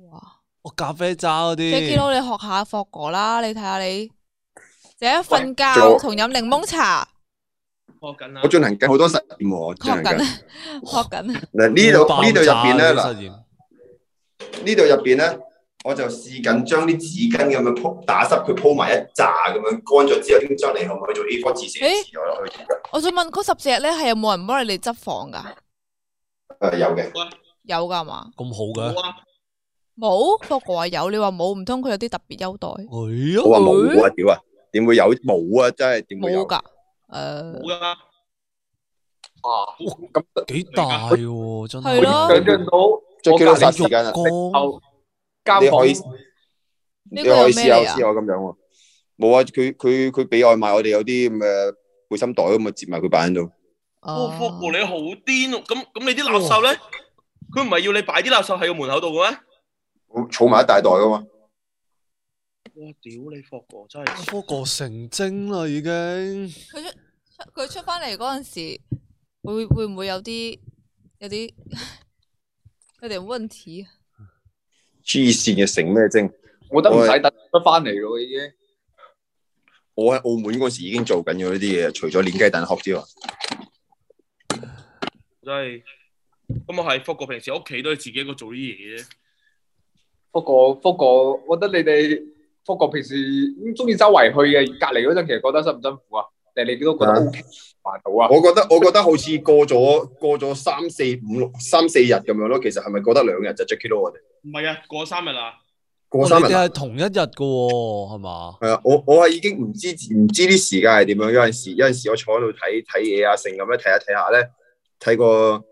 哇！我咖啡渣嗰啲。Jacky，你學下霍哥啦，你睇下你就一瞓覺同飲檸檬茶。緊、啊、我進行緊好多實驗、啊，我進行學緊啊，學緊嗱、啊、呢度呢度入邊咧嗱，呢度入邊咧，我就試緊將啲紙巾咁樣鋪打濕，佢鋪埋一紮咁樣乾咗之後，將嚟可唔可以做 A4 紙先？誒，欸、我想問嗰十四日咧，係有冇人幫你哋執房噶？有嘅，有噶嘛？咁好噶？冇，不過我話有，你話冇，唔通佢有啲特別優待？我話冇，我屌啊，點、啊欸、會有冇啊？真係點會有？誒，哇，咁幾大喎，啊，真係，想象到，最緊要殺時間啊，交，我後，你可以，你可以試下試下咁樣喎，冇啊，佢佢佢俾外賣，我哋有啲咁嘅背心袋咁啊，接埋佢擺喺度。哇，uh, 哦，服務你好癲，哦，咁咁你啲垃圾咧，佢唔係要你擺啲垃圾喺個門口度嘅咩？我儲埋一大袋㗎嘛。我屌、哦、你霍哥真係，霍哥成精啦已經。佢出佢出翻嚟嗰陣時，會會唔會有啲有啲有啲問題？黐線嘅成咩精？我覺得唔使等，得翻嚟咯已經。我喺澳門嗰時已經做緊咗呢啲嘢，除咗練雞蛋殼之外。真係。咁我係霍哥，平時屋企都係自己一個做呢啲嘢啫。霍哥，霍哥，我覺得你哋。不過平時中意周圍去嘅隔離嗰陣，其實覺得辛唔辛苦啊？誒，你都覺得 OK，煩到啊？我覺得我覺得好似過咗過咗三四五六三四日咁樣咯。其實係咪過得兩日就 check it a 我哋唔係啊，過三日啦。過三日啊，啊哦、同一日嘅喎，係嘛？係啊，我我係已經唔知唔知啲時間係點樣。有陣時有陣時，我坐喺度睇睇嘢啊，成咁樣睇下睇下咧，睇個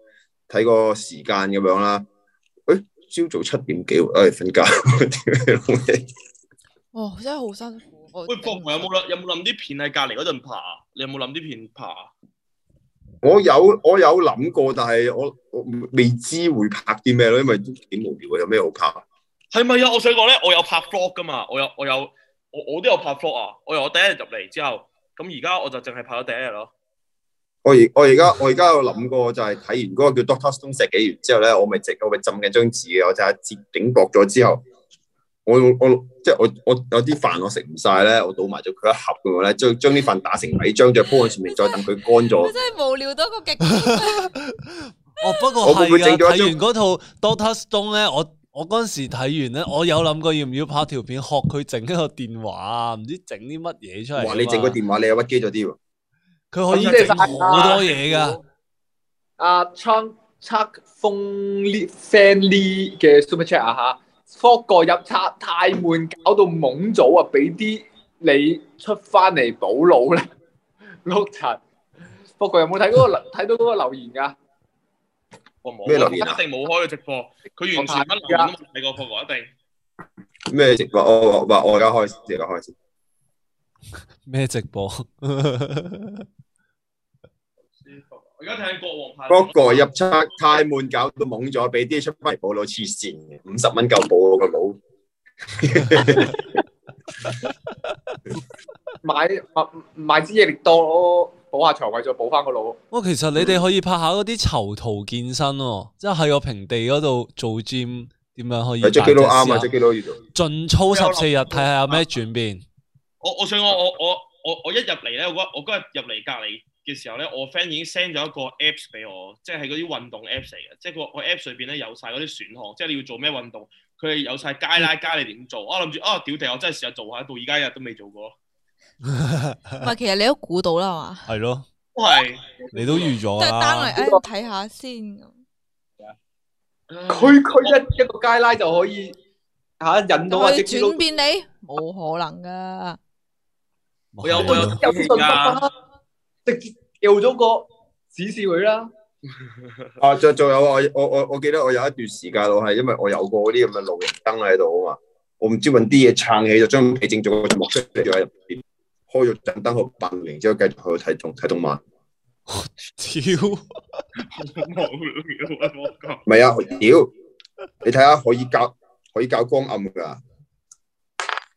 睇個時間咁樣啦。誒、欸，朝早七點幾？誒、哎，瞓覺。 *laughs* 哦，真係好辛苦。喂，博豪有冇諗有冇諗啲片喺隔籬嗰陣拍？你有冇諗啲片拍？我有我有諗過，但係我我未知會拍啲咩咯，因為都幾無聊。有咩好拍？係咪啊？我想講咧，我有拍 vlog 噶嘛？我有我有我我都有拍 vlog 啊！我由我第一日入嚟之後，咁而家我就淨係拍咗第一日咯。我而我而家我而家有諗過，就係睇完嗰個叫 Doctor Stone 幾完之後咧，我咪直我咪浸緊張紙，我就接頂駁咗之後。嗯我我即係我我有啲飯我食唔晒咧，我倒埋咗佢一盒咁樣咧，將將啲飯打成米漿，將只鋪喺上面，再等佢乾咗。我真係無聊到個極。哦， *laughs* 不過係啊，睇完嗰套《Doctor Stone》咧，我我嗰陣時睇完咧，我有諗過要唔要拍條片學佢整一個電話，唔知整啲乜嘢出嚟。哇！你整個電話你又屈機咗啲喎。佢可以整好多嘢噶。阿 Chuck Chuck Foley 嘅 Super Chat 啊吓。霍哥入冊太悶，搞到懵咗啊！俾啲你出翻嚟補腦啦，碌柒！霍哥有冇睇個睇到嗰個留言噶？我冇留言、啊、一定冇開嘅直播，佢完全乜留言都冇睇過。霍哥一定咩直播？我我我而家開而家開先咩直播？ *laughs* 而家睇《國王派》，不過入側太悶，搞到懵咗，俾啲嘢出翻嚟補腦黐線嘅，五十蚊夠補個腦。買買支嘢嚟多，補下腸胃，再補翻個腦。我、哦、其實你哋可以拍下嗰啲囚徒健身咯、哦，即係喺個平地嗰度做 gym 點樣可以？喺機佬啱啊！喺機佬度，盡操十四日，睇下有咩轉變。我我想我我我我一入嚟咧，我我嗰日入嚟隔籬嘅時候咧，我 friend 已經 send 咗一個 apps 俾我，即係嗰啲運動 apps 嚟嘅，即係佢佢 apps 上邊咧有晒嗰啲選項，即係你要做咩運動，佢哋有晒街拉街你點做，我諗住啊，屌頂，我真係試下做下，到而家日都未做過。唔係，其實你都估到啦嘛，係咯，都係的你都預咗啦。即係 down 嚟睇下先。區區一一個街拉就可以嚇、啊、引到或者轉變你？冇可能噶。的我有我有即叫咗個指示佢啦。啊，仲仲有啊！我我我記得我有一段時間我係因為我有過嗰啲咁嘅路燈喺度啊嘛，我唔知揾啲嘢撐起就將皮整咗個目箱，就喺入邊開咗盞燈去扮，然後之後繼續去睇動睇動漫。我屌，啊！我係啊！屌，你睇下可以教可以教光暗噶，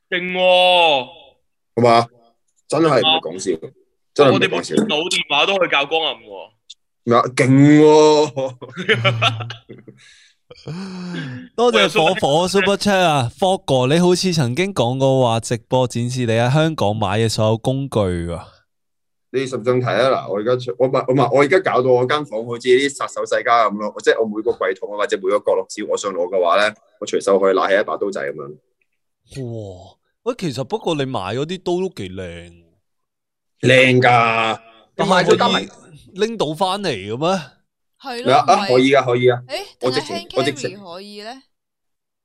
正係嘛？真係唔係講笑。我哋部腦電話都可以較光暗，哇勁！多謝火火喂 Super Chat 啊，霍哥，你好似曾經講過話直播展示你喺香港買嘅所有工具啊。你十張睇啊嗱，我而家我唔唔我而家搞到我間房間好似啲殺手世家咁咯，即係我每個櫃桶啊或者每個角落只要我想攞嘅話咧，我隨手可以拿起一把刀仔咁樣。哇，喂，其實不過你買嗰啲刀都幾靚。靚噶，都可以拎到翻嚟嘅咩？係咯，啊可以啊，可以啊。誒，Hand carry 直情可以咧？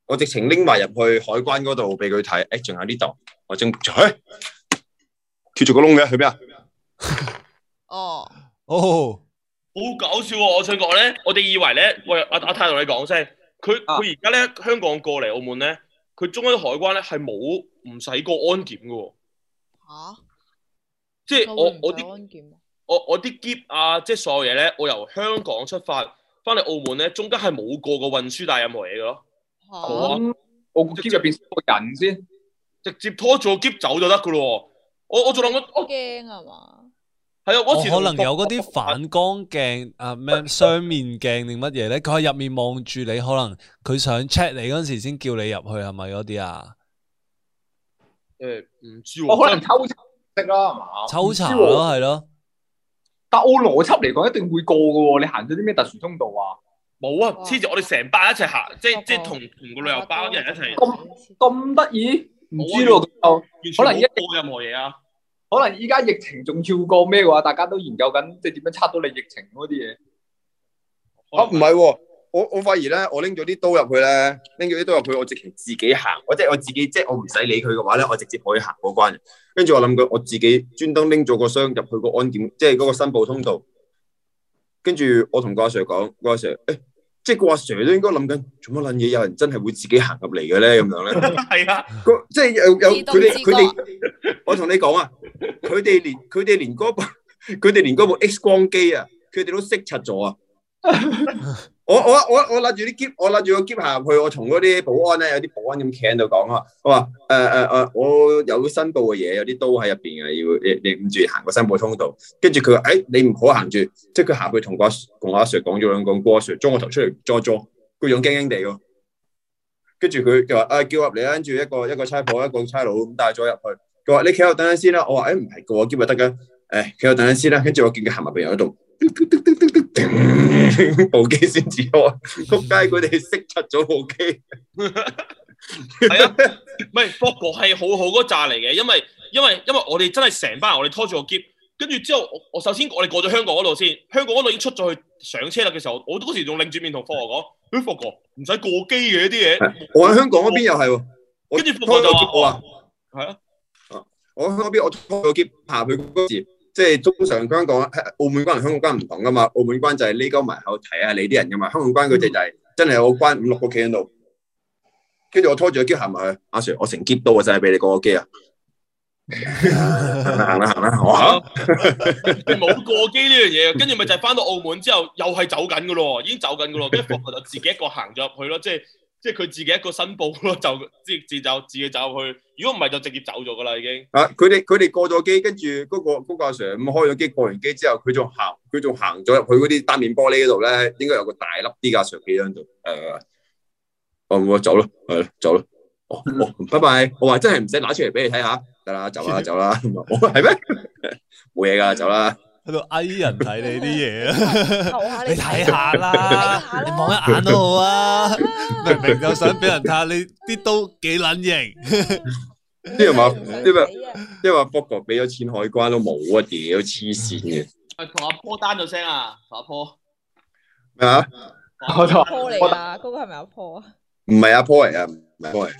我直情拎埋入去海關嗰度俾佢睇。誒，仲喺呢度，我正，誒，脫咗個窿嘅，去邊啊？哦，哦，好搞笑喎！我想講咧，我哋以為咧，喂，阿阿泰同你講聲，佢佢而家咧香港過嚟澳門咧，佢中間海關咧係冇唔使過安檢嘅。吓？即係我我啲我我啲喼啊，即係所有嘢咧，我由香港出發翻嚟澳門咧，中間係冇過個運輸帶任何嘢嘅咯。嚇！我個喼入邊收個人先，直接拖住個喼走就得㗎咯。我我仲諗我我驚啊嘛？係啊！嗰時我可能有嗰啲反光鏡啊咩雙面鏡定乜嘢咧？佢喺入面望住你，可能佢想 check 你嗰陣時先叫你入去係咪嗰啲啊？誒，唔知我可能偷。得啦，係嘛？抽查咯、啊，係咯、啊。吧但我邏輯嚟講，一定會過噶、啊。你行咗啲咩特殊通道啊？冇啊，黐住我哋成班一齊行，即係即係同同個旅遊包啲人一齊。咁咁得意？唔也知道、啊。可能一過任何嘢啊？可能依家疫情仲要過咩話？大家都研究緊，即係點樣測到你疫情嗰啲嘢。以啊，唔係、啊，我我反而咧，我拎咗啲刀入去咧，拎咗啲刀入去，我直情自己行，即係我自己，即係我唔使理佢嘅話咧，我直接可以行過關。跟住我諗佢，我自己專登拎咗個箱入去個安檢，即係嗰個申報通道。跟住我同個阿 Sir 講，那個阿 Sir，誒、欸，即係個阿 Sir 都應該諗緊做乜捻嘢，有人真係會自己行入嚟嘅咧，咁樣咧。係 *laughs* 啊，即係有有佢哋佢哋，我同你講啊，佢哋連佢哋連嗰部佢哋連部 X 光機啊，佢哋都識拆咗啊。我我我我拉住啲喼我拉住個喼行入去，我同嗰啲保安咧，有啲保安咁企喺度講啊，我話誒誒誒，我有申報嘅嘢，有啲刀喺入邊嘅，要你你跟住行個申報通道，跟住佢話誒，你唔好行住，即係佢行去同我同阿 Sir 講咗兩講過，阿叔裝個頭出嚟裝裝，佢仲驚驚地喎，跟住佢就話誒、欸，叫入嚟，跟住一個一個差婆，一個差佬咁帶咗入去，佢話你企喺度等下先啦，我話，誒唔係噶喼咪得噶，誒企喺度等下先啦，跟住我見佢行埋邊度。.部機先至開，撲街佢哋識出咗部機。係啊，唔係霍哥係好好嗰扎嚟嘅，因為因為因為我哋真係成班人，我哋拖住個篋，跟住之後我，我首先我哋過咗香港嗰度先，香港嗰度已經出咗去上車啦嘅時候，我嗰時仲擰住面同霍哥講，誒霍哥唔使過機嘅啲嘢，我喺香港嗰邊又係，跟住霍哥就話我話係啊，我喺嗰邊我拖個篋爬去嗰時。即係通常香港、澳門關同香港關唔同噶嘛，澳門關就係呢個門口睇下你啲人噶嘛，香港關佢哋就係真係有個關五六個企喺度，跟住我拖住個機行埋去，阿、啊啊、Sir 我成劫都啊真係俾你過個機啊，行啦行啦行啦，我你冇過機呢樣嘢，跟住咪就係返到澳門之後又係走緊噶咯，已經走緊噶咯，跟住我就自己一個行咗入去咯，即係。即係佢自己一個申報咯，就即係自走自己走，自己走去。如果唔係就直接走咗㗎喇，已經。啊！佢哋佢哋過咗機，跟住嗰個阿、嗰個、Sir 咁開咗機，過完機之後，佢仲行，佢仲行咗入去嗰啲單面玻璃嗰度咧，應該有個大粒啲、嗰個、Sir 件喺度。誒、呃，我、啊、冇啊，走啦，啊、走啦、啊啊。拜拜。我話真係唔使拿出嚟俾你睇下，得啦，走啦，走啦。我係咩？冇嘢㗎，走啦。喺度嗌人睇你啲嘢啊！你睇下啦，你望一眼都好啊！明明就想俾人睇下你，啲刀幾撚型？即係話，即係話，即係話，霍哥俾咗錢海關都冇啊！屌黐線嘅！同阿波單咗聲啊！同阿波咩啊？同阿波嚟啊？嗰個係咪阿波啊？唔係阿波嚟啊！唔係波嚟。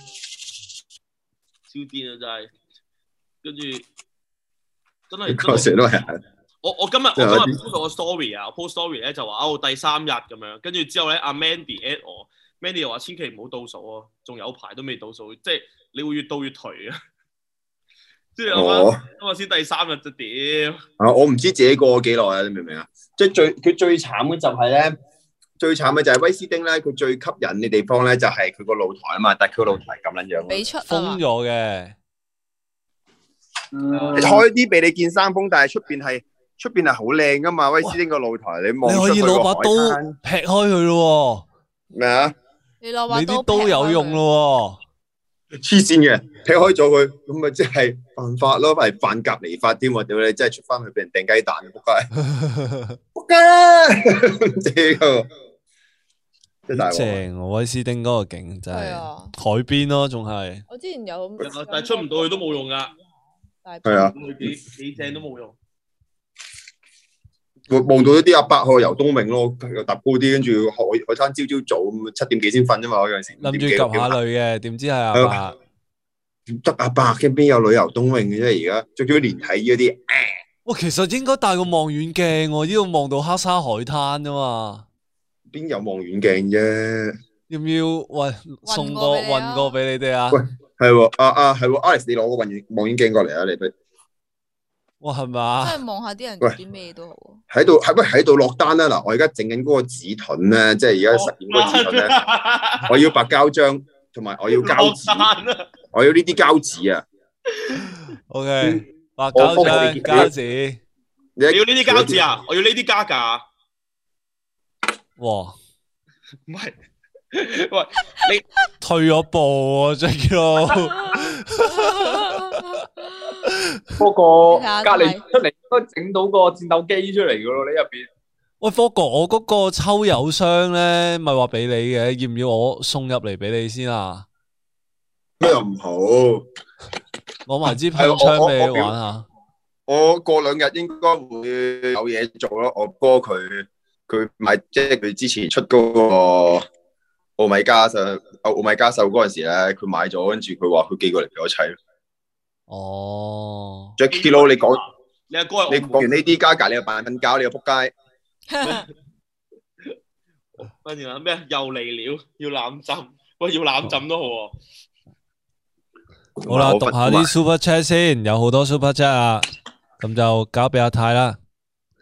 我我今日我今日 post story 啊，post story 咧就話哦第三日咁樣，跟住之後咧阿、啊、Mandy at 我，Mandy 又話千祈唔好倒數啊，仲有排都未倒數，即係你會越倒越頹啊！即係我啊，今日先第三日就點啊！我唔知自己過幾耐啊？你明唔明啊？即係最佢最慘嘅就係、是、咧，最慘嘅就係威斯汀咧，佢最吸引嘅地方咧就係佢個露台啊嘛，但係佢個露台咁撚樣，出封咗嘅，嗯、你開啲俾你見山峰，但係出邊係。出邊係好靚噶嘛，威斯汀個露台，哇你望出去個海。你可以攞把刀劈開佢咯，咩麼啊？你攞把刀你啲刀有用咯，黐線嘅，劈開咗佢，咁咪即係犯法咯，咪犯夾彌法添喎，屌你，真係出翻去俾人掟雞蛋，仆街，仆街，正，正，威斯汀嗰個景真係海邊咯，啊，仲係。我之前有，但係出唔到去都冇用噶，係冬啊，幾幾正都冇用。望到一啲阿伯去游冬泳咯，又爬高啲，跟住海海灘朝朝早，上早上，咁七點，點幾先瞓啫嘛，有陣時。諗住及下女嘅，點知係阿伯？點得阿伯？邊邊有旅游冬泳嘅啫？而家做咗連體嗰啲。我、哎、其實應該帶個望遠鏡、啊，我呢度望到黑沙海灘啫嘛。邊有望遠鏡啫、啊？要唔要運、呃、送個運個俾你哋啊？喂、哎，係、哎、喎，阿阿係喎，Alice，你攞個望遠望遠鏡過嚟啊！你。哇係嘛，即係望下啲人做啲咩都好喺度，喺咪喺度落單啦嗱，我而家整緊嗰個紙盾咧，即係而家實驗嗰個紙盾咧，我要白膠漿，同埋我要膠紙，我要呢啲膠紙啊，OK，白膠膠紙，你要呢啲膠紙啊，我要呢啲加價，哇，唔係喂，你退咗步啊，真係咯。霍哥隔籬出嚟應該整到個戰鬥機出嚟噶咯，你入邊。喂，霍哥，我嗰個抽油箱咧，唔係話俾你嘅，要唔要我送入嚟俾你先啊？咩又唔好？攞埋支噴槍俾你玩下我我。我過兩日應該會有嘢做咯。我哥佢佢買，即係佢之前出嗰個奧米加秀，奧米加秀嗰陣時咧，佢買咗，跟住佢話佢寄過嚟俾我砌。哦，Jacky Lou 你講，你阿哥，你講完呢啲加價，你又扮瞓覺，你又扑街。跟住話，咩又嚟了？要攬浸，喂，要攬浸都好。好啦，讀下啲 Super Chat 先，有好多 Super Chat 啊，咁就搞俾阿泰啦。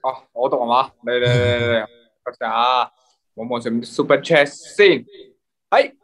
哦，我讀係嘛？嚟嚟嚟嚟，多謝啊！我望上邊 Super Chat 先，係。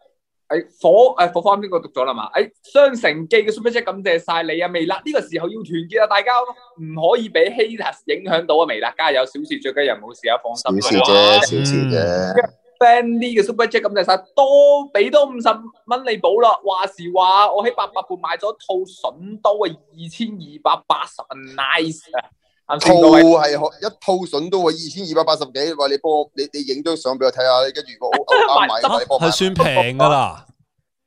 誒、哎，火誒、哎，火方邊個讀咗啦嘛？誒、哎，雙城記嘅 super Jack 感謝晒你啊！微辣，呢、這個時候要團結啊，大家唔可以俾 haters 影響到啊！微辣，家下有小事，最緊要冇事啊，放心。小事啫，小 friend 呢嘅 super Jack 感謝晒，都俾多五十蚊你補啦。話時話，我喺八佰伴買咗套筍刀啊，二千二百八十 nice 啊！套係一套筍都話二千二百八十幾，話你幫我你你影張相俾我睇下，跟住個 O O R 買，話你係算平噶啦，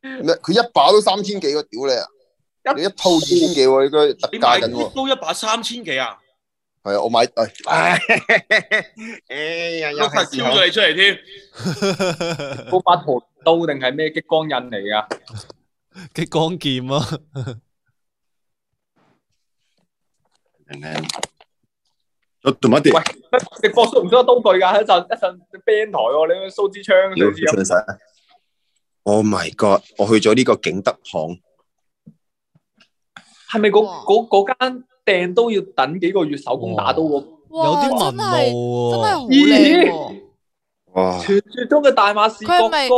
咩佢 *laughs* 一把都三千幾，個屌你啊！你一套二千幾喎，應該特價緊喎。你買刀一把三千幾啊？係啊，我買哎 *laughs* 哎呀有係都實你出嚟添，嗰 *laughs* 把刀刀定係咩激光印嚟啊？激光劍啊！ *laughs* 我做乜嘢？喂，直播收唔收刀具噶？一陣一陣 Band 台，你收支槍，你支刀。哦、oh、，My God！我去咗呢個景德行，係咪嗰嗰嗰間訂刀要等幾個月手工打刀？有啲紋路，真係好靚。哇！傳說中嘅大馬士革刀。佢係咪？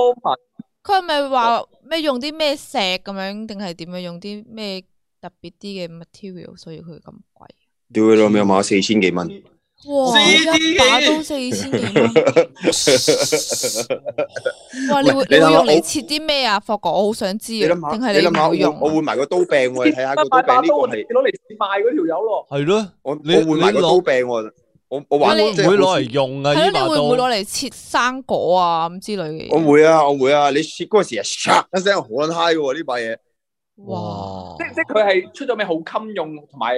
佢係咪話咩用啲咩石咁樣，定係點樣用啲咩特別啲嘅 material，所以佢咁貴？屌佢老味，我咪買四千幾蚊，哇，一把刀四千幾，哇你會你會用嚟切啲咩啊？霍哥，我好想知啊，定係你用？我換埋個刀柄喎，你睇下個刀柄呢？把把刀你攞嚟賣嗰條友咯，係咯，我我換埋個刀柄喎，我我玩都即係好用啊！睇下你會唔會攞嚟切生果啊咁之類嘅？我會啊，我會啊，你切嗰時啊一聲好卵嗨喎呢把嘢，哇！即即佢係出咗咩好襟用同埋。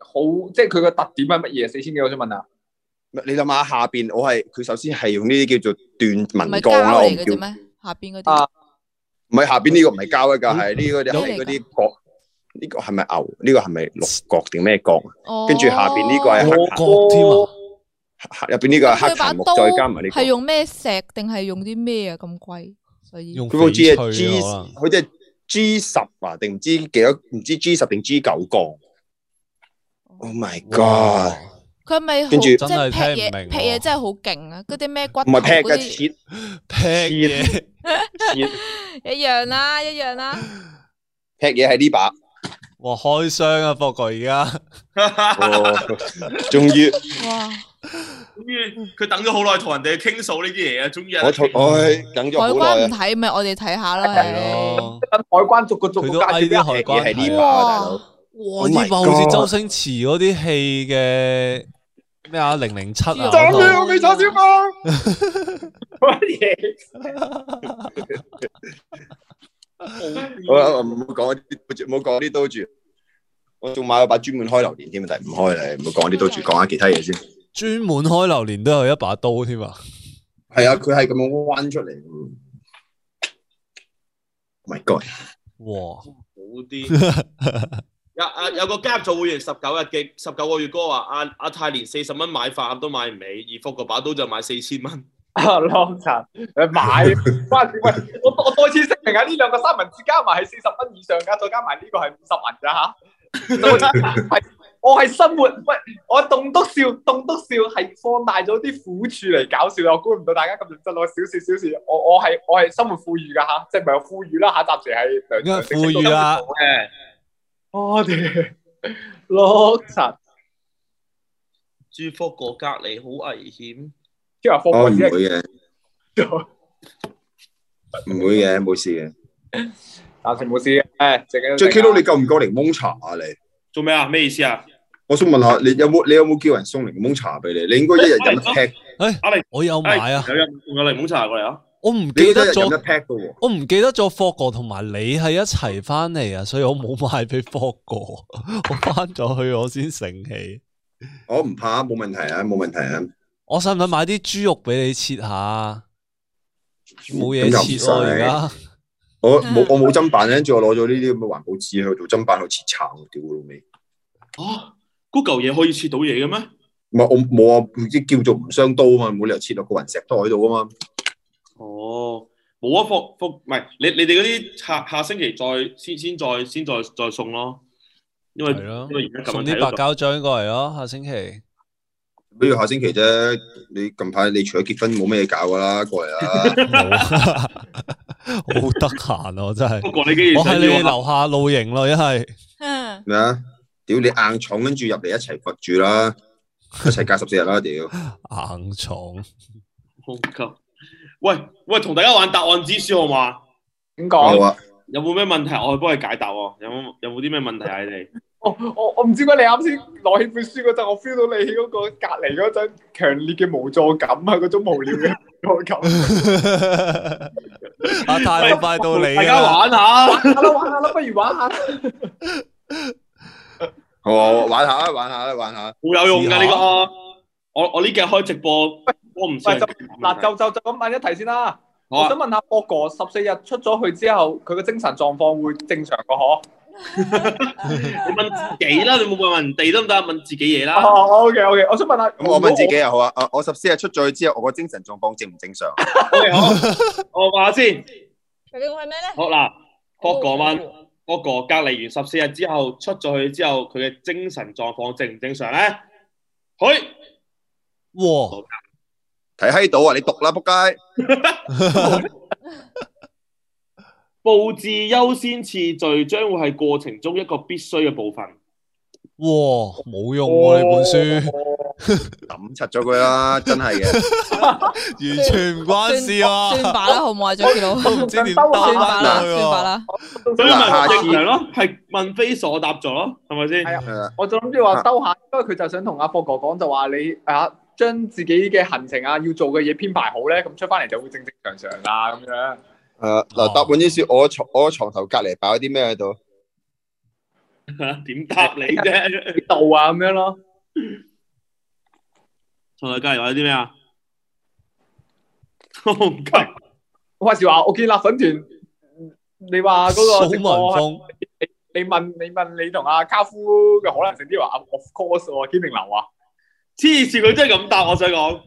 好，即係佢個特點係乜嘢？四千幾，我想問下。你諗下下邊，我係佢首先係用呢啲叫做斷紋鋼啦。我叫下邊嗰啲唔係，下邊呢個唔係膠噶，係呢、嗯這個係嗰啲角。呢、這個係咪牛？呢、這個係咪鹿角定咩角？跟住、哦、下邊呢個係黑檀添入邊呢個黑檀木再加埋呢、這個。係用咩石定係用啲咩啊？咁貴，所以佢好似係 G，佢啲係 G 十啊，定唔知幾多？唔知 G 十定 G 九鋼。Oh my god！佢咪跟住劈嘢，劈嘢真係好勁啊！嗰啲咩骨頭嗰啲，劈嘢，劈嘢，一樣啦，一樣啦，劈嘢係呢把，哇，開箱啊，霍哥而家，終於，哇，終於佢等咗好耐，同人哋傾訴呢啲嘢啊，終於，我我等咗好耐，海關唔睇咪我哋睇下咯，係咯，海關逐個逐個加少啲，海關係呢把。哇！依把好似周星馳嗰啲戲嘅咩啊？零零七啊！我未拆先嘛？我唔好講啲刀住，唔好講啲刀住。我仲買咗把專門開榴蓮添，但係唔開嚟。唔好講啲刀住，講下其他嘢先。專門開榴蓮都有一把刀添啊。係啊，佢係咁樣彎出嚟。Oh my God！哇，好啲。 *laughs* 有一個家族做會員十九日嘅十九個月哥話：阿、啊、阿、啊、泰連四十蚊買飯都買唔起，而復個把刀就買四千蚊。浪賊、啊，買。 *laughs* 喂，我我多次聲明啊，呢兩個三文治加埋係四十蚊以上噶，再加埋呢個係五十蚊噶嚇。係、啊，我係生活，喂，我棟篤笑，棟篤笑係放大咗啲苦處嚟搞笑，我估唔到大家咁認真，我少少少少。我我係我係生活富裕噶嚇、啊，即係唔係富裕啦嚇，暫時係。因為富裕啊。我哋六神祝福過隔離，好危險。即係話封唔會嘅，唔 *laughs* 會嘅，冇事嘅，暫時冇事嘅。最 Kilo 你夠唔夠檸檬茶啊？你做咩啊？咩意思啊？我想問下，你有冇你有冇叫人送檸檬茶俾你？你應該一日飲一 pack 阿。我有買啊，哎、有有檸檬茶過嚟啊！我唔記得咗，我唔記得咗，霍哥同埋你係一齊翻嚟啊，所以我冇買俾霍哥。我翻咗去，我先醒起。我唔怕，冇問題啊，冇問題啊。我想唔想買啲豬肉俾你切下？冇嘢切啊！而家我冇，我冇砧板咧，跟住我攞咗呢啲咁嘅環保紙去做砧板去切橙，屌老味！啊，嗰舊嘢可以切到嘢嘅咩？唔係我冇啊，啲叫做唔傷刀啊嘛，冇理由切落個雲石喺度啊嘛。哦，冇啊！复复唔係你你哋嗰啲下下星期再先先，先再先再再送咯，因為、啊、因為而家近排送啲白膠樽過嚟咯，下星期不如下星期啫，你近排你除咗結婚冇咩嘢搞噶啦，過嚟啦， *laughs* *laughs* *laughs* 好得閒哦，真係不過你竟然我喺你樓下露營咯 *laughs* 是，一係咩啊？屌你 *laughs* 硬闖，跟住入嚟一齊住啦，一齊隔十四日啦，屌硬闖，我靠！喂喂，同大家玩答案之書好嘛？點講謝？啊、有冇咩問題？我去幫你解答。有有冇啲咩問題啊？你 *laughs* 我？我我我唔知點解你啱先攞起本書嗰陣，我 feel 到你喺嗰個隔籬嗰陣強烈嘅無助感啊！嗰種無聊嘅感覺。阿、 *laughs* 啊、太快到你大家玩下，啦 *laughs* 玩下啦，不如玩下 *laughs* 好。我玩下啦，玩下啦，玩下。好有用噶呢個、啊。我我呢幾日開直播。我唔係就嗱就就就咁問一題先啦，我想問下霍哥，十四日出咗去之後，佢個精神狀況會正常個嗬？你問自己啦，你冇問人哋得唔得？問自己嘢啦。哦，O K O K，我想問下，咁我問自己又好啊，我十四日出咗去之後，我個精神狀況正唔正常？O K 我話下先，第二個係咩咧？好嗱，霍哥問，霍哥隔離完十四日之後出咗去之後，佢嘅精神狀況正唔正常咧？佢，哇！好睇喺度啊！你讀啦，撲街！布 *laughs* *laughs* 置優先次序將會係過程中一個必須嘅部分。哇，冇用喎、啊、呢、哦、本書，抌柒咗佢啦，真係嘅， *laughs* 完全唔關事啊！算罷啦、啊，好唔好 *laughs* 啊，張志豪？我唔知點收啊，算罷啦。法啊、所以問直嚟咯，係次問非所答咗咯，係咪先？係啊，我就諗住話收下，因為佢就想同阿博哥講，就話你啊。將自己嘅行程啊，要做嘅嘢編排好咧，咁出翻嚟就會正正常常啦，咁樣。誒嗱、uh,，答案於是我牀我牀頭隔離擺咗啲咩喺度？點答你啫？度 *laughs* 啊咁樣咯。牀頭隔離擺啲咩啊？我唔介。我話時話，我見辣粉團，你話嗰個？宋文峯。你問你問你同阿卡夫嘅可能性啲話？Of course 喎、啊，肯定留啊！黐線佢真係咁答，我想講，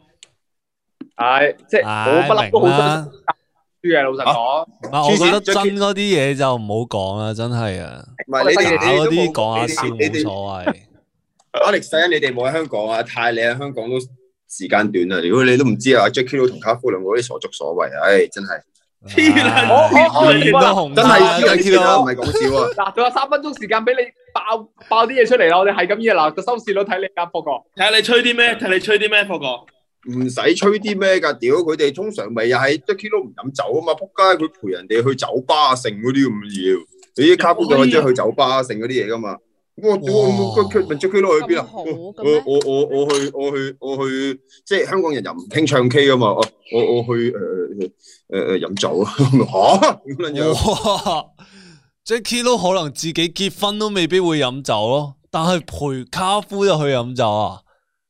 係即係我不嬲都好想答嘅，老實講。黐、我覺得真嗰啲嘢就唔好講啦，真係啊！唔係你打啲講下先，冇所謂。你們 *laughs* Alex，你哋冇喺香港啊？泰利喺香港都時間短啊！如果你都唔知啊，Jacky 同卡夫兩個啲所作所為，唉、哎，真係。天啊！我我我我真係笑緊笑啊，唔係講笑啊！嗱，仲有三分鐘時間俾你爆爆啲嘢出嚟咯，我哋係咁嘅嗱，個收視率睇你噶，博哥，睇下你吹啲咩，睇下你吹啲咩，博哥，唔使吹啲咩噶，屌佢哋通常咪又喺啲 K 唔飲酒啊嘛，仆街，佢陪人哋去酒吧盛嗰啲咁嘅嘢，你卡古嘅即係去酒吧盛嗰啲嘢噶嘛。哦、我我我，佢、嗯、去我我我我去我去我去，即係香港人又唔興唱 K 㗎嘛？哦，我我去、嗯啊嗯、誒誒誒飲酒啊吓？嗯 wow、哇 Jacky Lou 可能自己結婚都未必會飲酒咯，但係陪卡夫都去飲酒啊？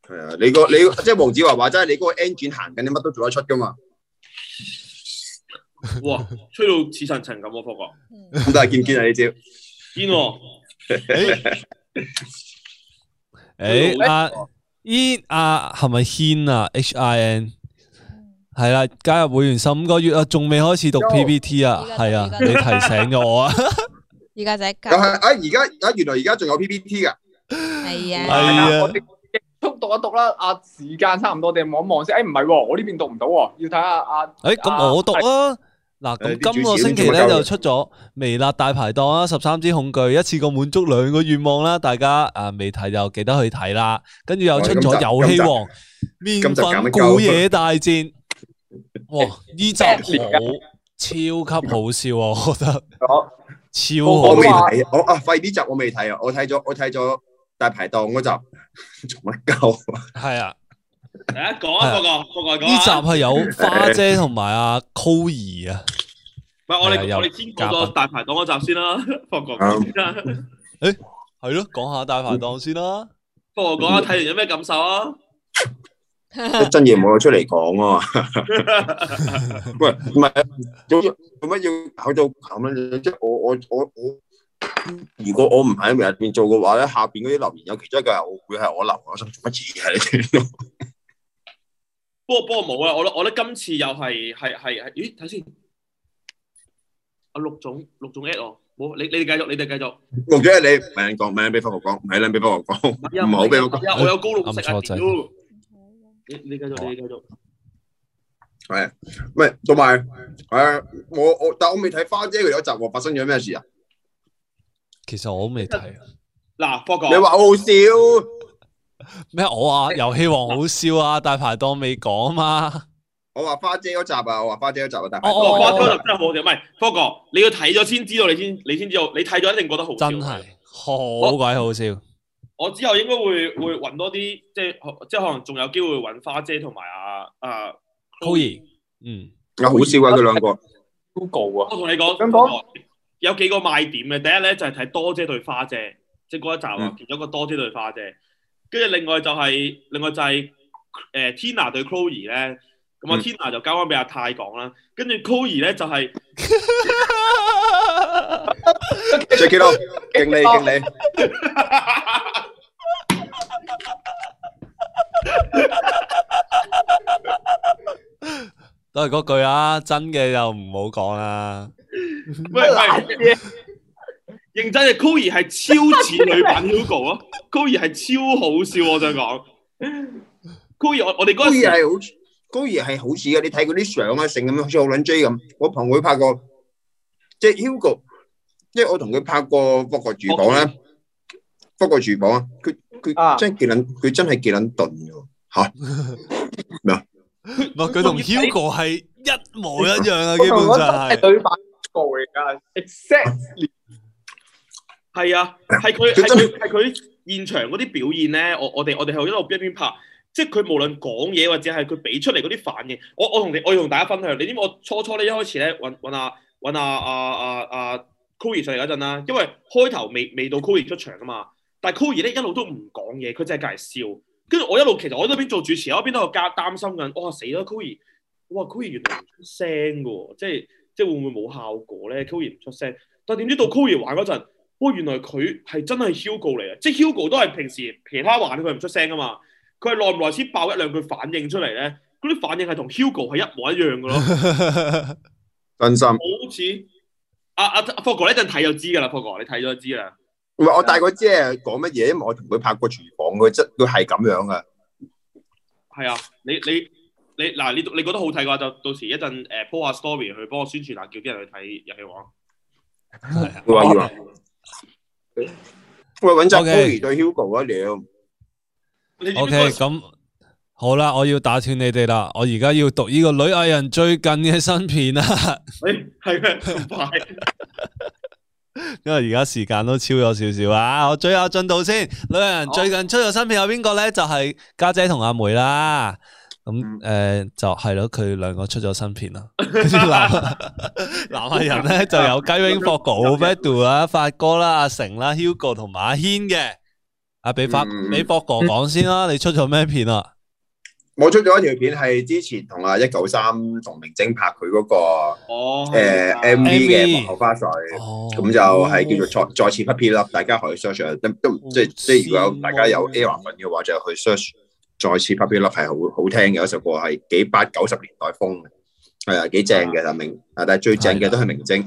係啊，你個你即係黃子華話齋係你嗰個 engine 行緊，你乜、就是、都做得出噶嘛？ *laughs* 哇！吹到似層層咁，我發、嗯、覺咁都係唔堅啊！你知堅？誒，阿 Ian 係咪 Ian 啊？H I N 係啦，加入會員十五個月啊，仲未開始讀 P P T 啊，係啊、就是，的就是、你提醒咗我啊，而家就但係誒，而家原來而家仲有 P P T 噶，係啊、哎呀，係、哎、啊，我哋速讀一讀啦，阿時間差唔多，我哋望一望先，誒，唔係喎，我呢邊讀唔到喎，要睇下阿誒，咁、哎、我讀啊。嗱，咁今個星期咧，就出咗《微辣大排檔》啦，《十三支恐懼》，一次過滿足兩個願望啦，大家啊未睇就記得去睇啦。跟住又出咗《遊戲王麵粉古嘢大戰》。哇！呢集好，超級好笑喎！我覺得。超好睇。我啊，廢，呢集我未睇啊，我睇咗我睇咗大排檔嗰集，做乜鳩？係啊。第一講啊，霍哥霍哥講呢集係有花姐同埋阿 Coir 啊，唔係的的我哋我哋先講個大排檔嗰集先啦，啊，霍哥，嗯。啊嗯，誒，係咯，講下大排檔先啦，啊。霍哥講下睇完有咩感受啊？真嘢冇出嚟講啊！嘛。 *laughs* *laughs* *laughs* 喂，唔係做做乜要搞到咁啊？即係我我我我，如果我唔喺入邊做嘅話咧，下邊嗰啲留言有其中一個人會係我留啊！想做乜嘢啊？你不過、啊、不過冇啊，我覺得我覺得今次又係係係咦睇先，阿陸總陸總 at 我，冇你你哋繼續，你哋繼續。唔記得你，唔係講唔係俾花紅講，唔係諗俾花紅講，唔係我俾我講。我有高六成啊！你你繼續你繼續，係，喂，同埋誒，我我但我未睇花姐佢有集喎，發生咗咩事啊？其實我未睇啊，嗱，哥、啊、哥，你話好笑。咩我啊？遊戲王好笑啊！啊大排檔未講嘛？我話花姐嗰集啊，我話花姐嗰集啊，大排檔、啊哦、花姐集、啊哦、真係好笑，唔係霍哥你要睇咗先知道，你先你先知道，你睇咗一定覺得好笑，真係好鬼好笑我。我之後應該會會揾多啲，即係即係可能仲有機會揾花姐同埋阿阿 c o i 嗯，有好笑啊，佢兩個 g o 啊，我同你講，有幾個賣點嘅，第一咧就係、是、睇多姐對花姐，即係嗰一集啊，見到、嗯、個多姐對花姐。跟住另外就係，另外就係，誒 Tina 對 Cory 咧，咁啊 Tina 就交翻俾阿泰講啦，跟住 Cory 咧就係，Jacky 都敬你敬你，都係嗰句啊，真嘅就唔好講啦，喂喂。認真係，高儀係超似女版 Hugo 咯，高儀係超好笑，我想講，高儀我我哋嗰陣時，高儀係好似嘅，你睇佢啲相啊，成咁樣好似好撚 J 咁。我朋會拍過，即係 Hugo，即係我同佢拍過《福國住房》咧、哦，《福國住房》啊，佢佢真係幾撚，佢真係幾撚鈍嘅，吓嗱，啊？我佢同 Hugo 係一模一樣啊，基本上係。我女版嚟噶 e x c 係啊，係佢係佢係佢現場嗰啲表現咧，我我哋我哋係一路一邊一邊拍，即係佢無論講嘢或者係佢俾出嚟嗰啲反應，我我同你我同大家分享，你知唔知我初初咧一開始咧揾揾阿揾阿阿阿 Koey 上嚟嗰陣啦，因為開頭未未到 Koey 出場啊嘛，但係 Koey 咧一路都唔講嘢，佢就係隔嚟笑，跟住我一路其實我一邊做主持，我一邊都有加擔心緊，哇死咗 Koey，哇 Koey 原來唔出聲嘅喎，即係即係會唔會冇效果咧 Koey 唔出聲，但係點知到 Koey 玩嗰陣。哦，原來佢係真係 Hugo 嚟啊！即係 Hugo 都係平時其他話咧，佢唔出聲啊嘛。佢係耐唔耐先爆一兩句反應出嚟咧。嗰啲反應係同 Hugo 係一模一樣嘅咯，真心 *laughs* 。好似阿阿阿霍哥呢陣睇就知噶啦，霍哥你睇咗就知啦。唔係我大概知係講乜嘢，因為我同佢拍過廚房，佢真佢係咁樣噶。係啊，你你你嗱，你你，你，你覺得好睇嘅話，就到時一陣誒 po 下 story 去幫我宣傳下，叫啲人去睇遊戲王。 *laughs* 我搵 Hugo 啊，你 O K 咁好啦，我要打斷你哋啦，我而家要讀呢個女藝人最近嘅新片啦。係、 *laughs* 哎、 *laughs* 因為而家時間都超咗少少啊，我追下進度先。女藝人最近出咗新片有邊個咧？就係、是、家姐同阿梅啦。咁誒就係咯，佢兩個出咗新片啦。南南亞人咧就有雞 wing 博哥，Vedu、發哥啦、阿成啦、Hugo 同埋阿軒嘅。阿比發，比博哥講先啦，你出咗咩片啊？我出咗一條片係之前同阿一九三同明晶拍佢嗰個誒 M V 嘅幕後花絮，咁就係叫做再再次 Puppy 啦，大家可以 search。咁即係即係，如果有大家有 Air One 粉嘅話，就去 search。再次 pop 啲係好好聽嘅，有首歌係幾八九十年代風嘅，係啊幾正嘅。的正的明，的的明啊，但係最正嘅都係明晶、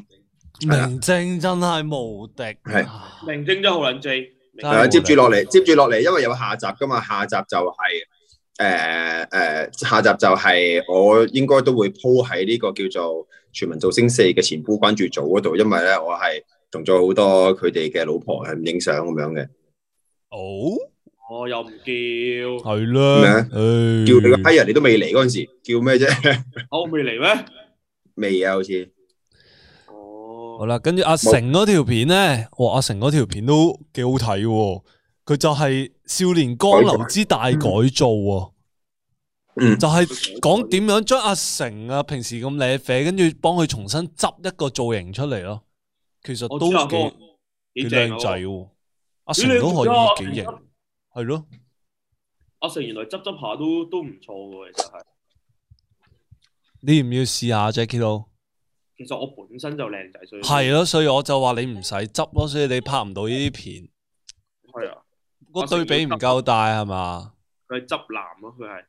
啊，明晶真係無敵、啊，係明晶真係好撚 J。係啊，接住落嚟，接住落嚟，因為有下集㗎嘛，下集就係誒誒，下集就係我應該都會鋪喺呢個叫做全民造星四嘅前夫關注組嗰度，因為咧我係同咗好多佢哋嘅老婆係唔影相咁樣嘅。好。Oh? 我又唔叫係啦，叫你個批人，你都未嚟嗰陣時，叫咩啫？我未嚟咩？未啊，好似哦。好啦，跟住阿成嗰條片咧，哇！阿成嗰條片都幾好睇，佢就係少年江流之大改造啊，就係講點樣將阿成啊平時咁瀨啡，跟住幫佢重新執一個造型出嚟咯。其實都幾幾靚仔，阿成都可以幾型。係咯，阿成原來執執下都都唔錯嘅，其實係。你唔要試下 Jacky Lou？其實我本身就靚仔，所以係咯，所以我就話你唔使執咯，所以你拍唔到呢啲片。係啊、哦，個對比唔夠大係嘛？佢係執男咯，佢係。江、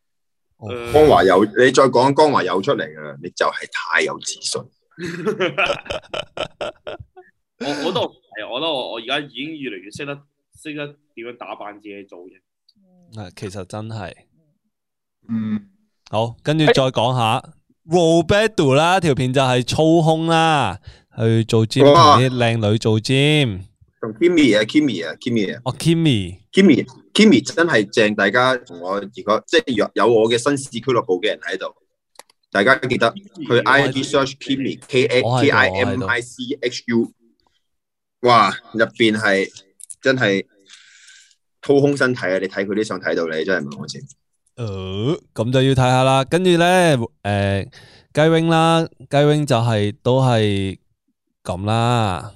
哦哦、華有你再講江華有出嚟嘅，你就係太有自信。我好多係，我咧，我我而家已經越嚟越識得，識得點樣打扮自己去做嘢，啊、嗯，其實真係，嗯，好，跟住再講下 Roberto 啦，條、欸、片就係操空啦，去做 gym。同啲靚女做 gym。同 Kimi 啊 Kimi 啊 Kimi、啊、哦 Kimi Kimi Kimi 真係正，大家同我如果即係若有我嘅新市俱樂部嘅人喺度，大家記得去 I G search Kimi、C H、U, K A K I M I C H U，哇，入邊係～真係掏空身體啊！你睇佢啲相睇到你真係唔安全。誒、呃，咁就要睇下、呃、啦。跟住咧，誒，雞 wing 啦，雞 wing 就係都係咁啦，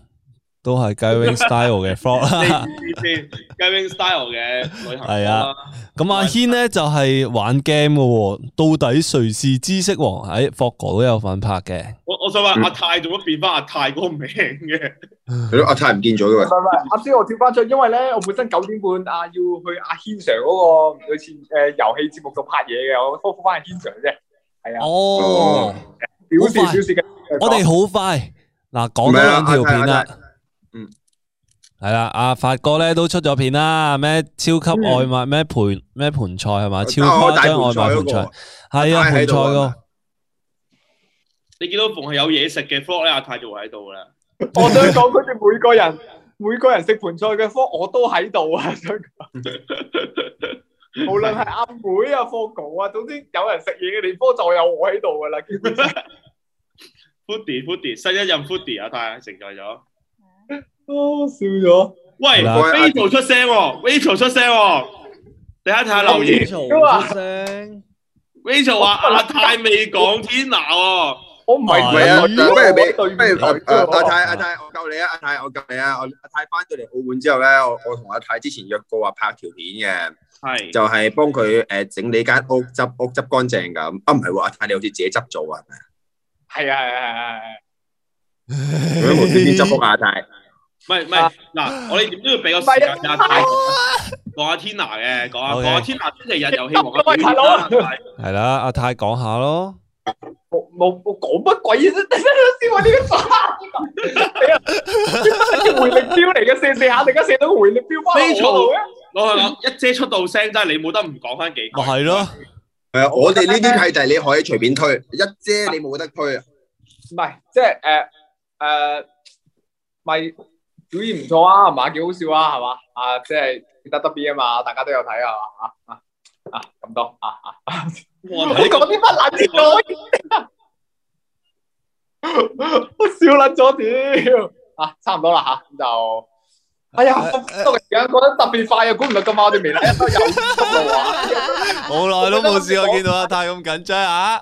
都係雞 wing style 嘅 fall 啦。 *laughs* *laughs* Game Style 嘅，係啊，咁阿軒咧就係、是、玩 game 嘅，到底誰是知識王？喺、哎、霍哥都有份拍嘅。我我想話阿泰做乜變翻阿泰嗰個名嘅？阿泰唔、嗯啊、見咗嘅喂。唔係、啊，我跳翻出，因為咧我本身九點半啊要去阿軒 Sir 嗰、那個類似誒遊戲節目度拍嘢嘅，我拖拖翻阿軒 Sir 啫。係啊。哦。表示小事嘅。我哋好快嗱，講到兩條片啦、啊啊啊啊。嗯。係啦，阿、啊、法哥咧都出咗片啦，咩超級外賣咩盤咩盤菜係嘛，超開張外賣盤菜，係啊盤菜，那個。你見到逢係有嘢食嘅 food 咧？阿泰仲喺度噶啦。我想講，佢哋每個人每個人食盤菜嘅科 o o d 我都喺度啊！想講，無論係阿妹阿 food 哥啊，總之有人食嘢嘅地方就有我喺度噶啦，基本上。Footy Footy， *laughs* 新一任 Footy 阿泰承載咗。笑咗，喂，Rachel 出聲哦，Rachel 出聲哦，大家睇下留言。Rachel 出聲，Rachel 話阿泰未講天拿哦，我唔係啊，不如俾，不如阿泰，阿泰，我救你啊，阿泰，我救你啊，阿泰翻到嚟澳門之後咧，我我同阿泰之前約過話拍條片嘅，係，就係幫佢誒整理間屋執屋執乾淨咁，啊唔係喎，阿泰你好似自己執做啊，係啊係啊係啊係啊，咁無端端執屋阿泰。唔係唔係，嗱，我哋點都要俾個時間阿泰講下天拿嘅，講下講下天拿星期日有希望嘅。喂，大佬，係啦，阿泰講下咯。冇冇，講乜鬼啫？先話呢個花，係啊，呢啲回力標嚟嘅，射射下，你而家射到回力標翻。飛錯路咩？我係講一姐出到聲，真係你冇得唔講翻幾句。咪係咯，係啊，我哋呢啲契弟你可以隨便推，一姐你冇得推啊。唔係，即係誒誒，咪。表演唔錯啊，係嘛？幾好笑啊，係嘛？啊，即係得 W 啊嘛，大家都有睇係嘛？啊啊啊，咁多啊啊！我睇過啲乜撚嘢啊？我笑撚咗屌！啊，差唔多啦吓，咁、啊、就～哎呀，呢個時間過得特別快啊，估唔到今晚我哋未嚟，又急到啊！好耐都冇試過見到阿泰咁緊張啊！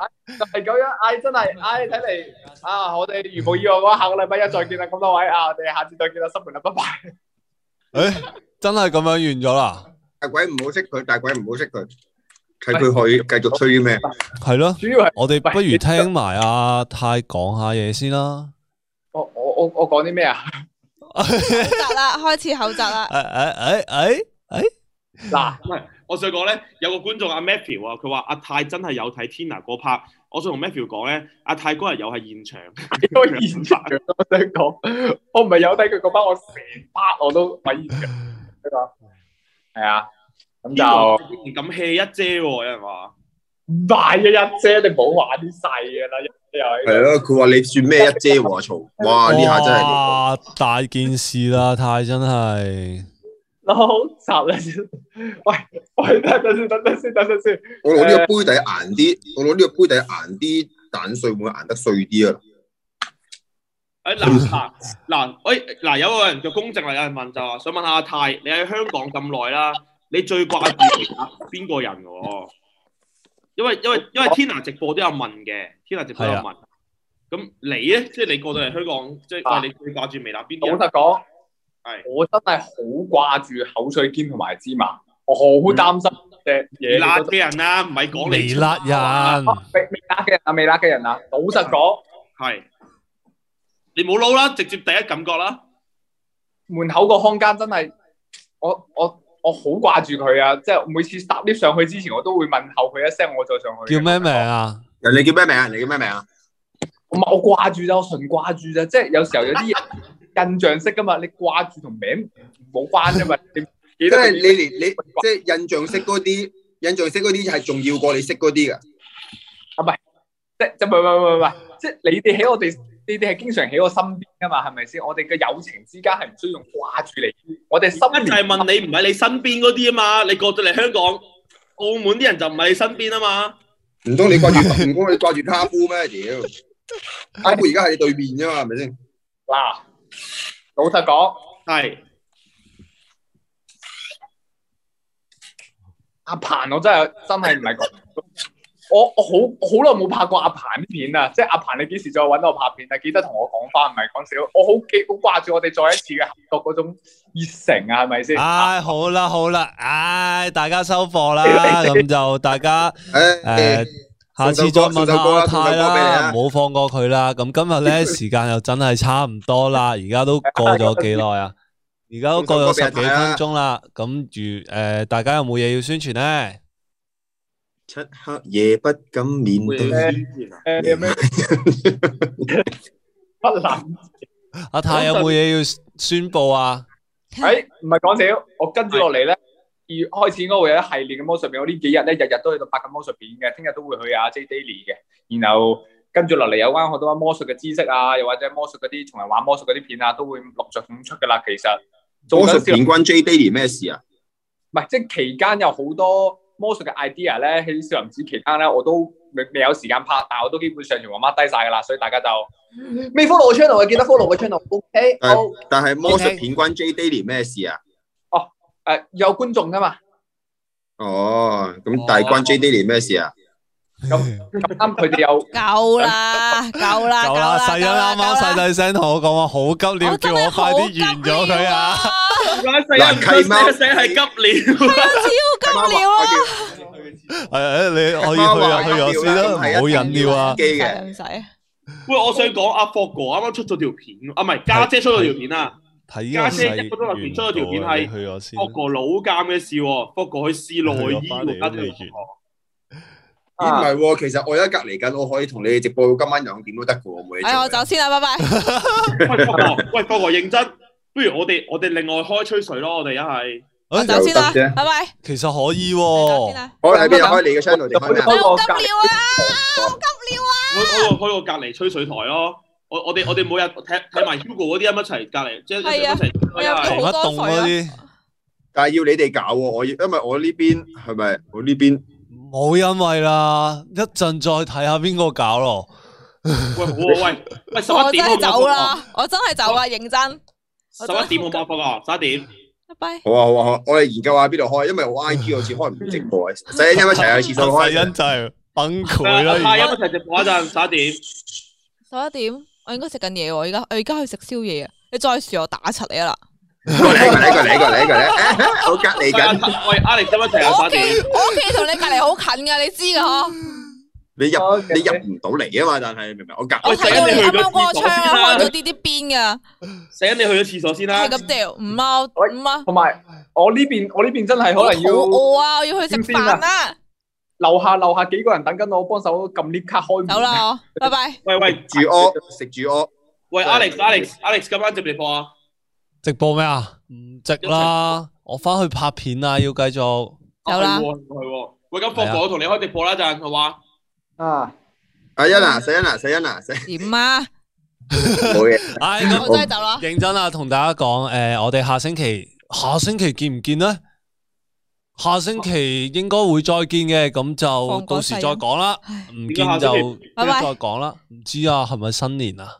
係咁樣，唉，真係，唉，睇嚟啊，我哋如無意外嘅話，下個禮拜一再見啦，咁多位啊，我哋下次再見啦，失陪啦，拜拜！真係咁樣完咗啦！大鬼唔好識佢，大鬼唔好識佢，睇佢可以繼續吹咩？係咯，主要係我哋不如聽埋阿泰講下嘢先啦。我我我我講啲咩啊？習啦， *laughs* 開始口習啦。誒誒誒誒誒，嗱，唔係，我想講咧，有個觀眾阿 Matthew 啊，佢話阿泰真係有睇 Tina 個 part。我想同 Matthew 講咧，阿泰嗰日又係現場，又係 *laughs* 現場。我想講，我唔係有睇佢嗰 part，我成 part 我都喺現場。你講係啊，咁就唔敢棄一姐喎，有人話大買一姐，你冇話啲細嘅啦。係咯，佢話、這個、你算咩一遮胡啊嘈，哇呢下哇真係，哇大件事啦泰真係，好好咧，好好喂，喂，等陣先，等陣先，等陣先，我攞呢個杯底硬啲，我攞呢個杯底硬啲，蛋碎會唔會硬得碎啲、哎、 *laughs* 啊？誒嗱嗱喂嗱有個人就公正嚟，有人問就話想問下泰，你喺香港咁耐啦，你最掛住邊個人㗎？因為因為因為天拿直播都有問嘅，天拿直播有問，咁係嘅你咧，即係你過到嚟香港，即係你掛住微辣邊度？老實講，係我真係好掛住口水肩同埋芝麻，我好擔心啲微辣嘅人啦，唔係講微辣人，微辣嘅人啊，微辣嘅人啊，老實講，係你冇撈啦，直接第一感覺啦，門口個空間真係，我我。我好掛住佢啊！即係每次搭 lift 上去之前，我都會問候佢一聲，我再上去。叫咩名啊？人叫咩名啊？你叫咩名啊？你叫咩名啊？我掛住就我純掛住啫。即係有時候有啲印象式噶嘛，你掛 *laughs* 住同名冇關啫嘛。即係你連你即係、就是、印象式嗰啲， *laughs* 印象式嗰啲係重要過你識嗰啲噶。啊，唔係，即係唔係，唔係，唔係，唔係，即係你哋喺我哋。呢啲係經常喺我身邊噶嘛，係咪先？我哋嘅友情之間係唔需要用掛住你。我哋心一就係問你唔喺你身邊嗰啲啊嘛，你過咗嚟香港、澳門啲人就唔喺你身邊啊嘛。唔通你掛住吳哥， *laughs* 你掛住卡夫咩？屌，卡夫而家喺你對面啫嘛，係咪先？嗱、啊，老實講，係阿是、啊、彭，我真係真係唔係講。 *laughs* 我我好好耐冇拍過阿鵬片啦，即係阿鵬，你幾時再搵我拍片啊？記得同我講翻，唔係講少。我好記，好掛住我哋再一次嘅合作嗰種熱誠啊，係咪先？唉、哎，好啦好啦，唉、哎，大家收貨啦，咁 *laughs* 就大家誒，呃、 *laughs* 下次再問阿泰啦，唔好 *music* 放過佢啦。咁今日咧時間又真係差唔多啦，而家 *laughs* 都過咗幾耐啊？而家 *music* 都過咗十幾分鐘啦。咁如誒，大家有冇嘢要宣傳咧？漆黑夜，不敢面對會，不能。 *laughs* 阿泰有冇嘢要宣布啊？誒、 *laughs* 哎，唔係講笑。我跟住落嚟咧，二月開始應該會有一系列嘅魔術片，我幾呢幾日咧日日都喺度拍緊魔術片嘅，聽日都會去阿 J Daily 嘅。然後跟住落嚟有關好多魔術嘅知識啊，又或者魔術嗰啲從嚟玩魔術嗰啲片啊，都會陸續咁出噶啦。其實魔術片關 J Daily 咩事啊？唔係，即係期間有好多。魔術嘅 idea 咧喺《少林寺》期間咧，我都未未有時間拍，但係我都基本上全部 mark 低晒噶啦，所以大家就未 follow 我 channel 我記得 follow 嘅 channel，ok，但係魔術片關 J Daily 咩事啊？哦，誒、呃，有觀眾噶嘛？哦，咁但係關 J Daily 咩事啊？哦嗯嗯咁咁啱，佢哋又夠啦，夠啦，夠啦！細欣啱啱細細聲同我講話好急尿，叫我快啲完咗佢啊！細欣，咩咩咩係急尿，超急尿！係啊，你可以去啊，去我先啦，冇飲料啊，機嘅唔使。喂，我想講阿霍哥啱啱出咗條片，啊，唔係家姐出咗條片啦。家姐一個鐘頭前出咗條片係霍哥老監嘅事，霍哥佢試內衣喎，家姐。唔係喎，其實我而家隔籬緊，我可以同你直播到今晚兩點都得噶，我唔會。係我走先啦，拜拜。喂，霍哥，喂，霍哥認真，不如我哋我哋另外開吹水咯，我哋一係。我走先啦，拜拜。其實可以喎，我以邊個開你嘅 channel？我急尿啊！我急尿啊！我我開我隔籬吹水台咯，我我哋我哋每日睇睇埋 Hugo 嗰啲咁一齊隔籬，即係一齊一凍嗰啲。但係要你哋搞，我要，因為我呢邊係咪我呢邊？冇因為啦，一陣再睇下邊個搞咯。喂喂喂，我真係走啦，我真係走啦，認真。十一點冇辦法啊，十一點。拜拜。好啊好啊，好，我哋研究下邊度開，因為我 I G 好似開唔到直播啊。使聽一齊去廁所開？真係崩潰啦！使一齊直播一陣？十一點。十一點，我應該食緊嘢喎，而家我而家去食宵夜啊。你再試我打柒你啦。過嚟，過嚟，過嚟，過嚟，我隔籬噶，我阿力今晚成日翻嚟。我屋企，我屋企同你隔籬好近噶，你知噶嗬？你入，你入唔到嚟啊嘛？但係明唔明？我隔。我係啱啱過窗啊，開咗啲啲邊噶。醒，你去咗廁所先啦。係咁掉，唔貓，唔貓。同埋我呢邊，我呢邊真係可能要。我餓啊，我要去食飯啦。樓下樓下幾個人等緊我，幫手撳 lift 卡開。走啦，拜拜。喂喂，住屋食住屋。喂，Alex，Alex，Alex，今晚接唔接播啊？直播咩啊？唔直啦，我翻去拍片繼啊。要繼續。有啦，係喎。喂，咁博播，我跟播，啊哎啊 know, 我呃？我同你開直播啦，陣係嘛？啊，阿欣啊，細欣啊，細欣啊，細，點啊？冇嘢。係，我真係走啦。認真啊！同大家講，誒，我哋下星期下星期見唔見咧？下星期應該會再見嘅，咁就到時再講啦。唔見就見再講啦。唔知啊，係咪新年啊？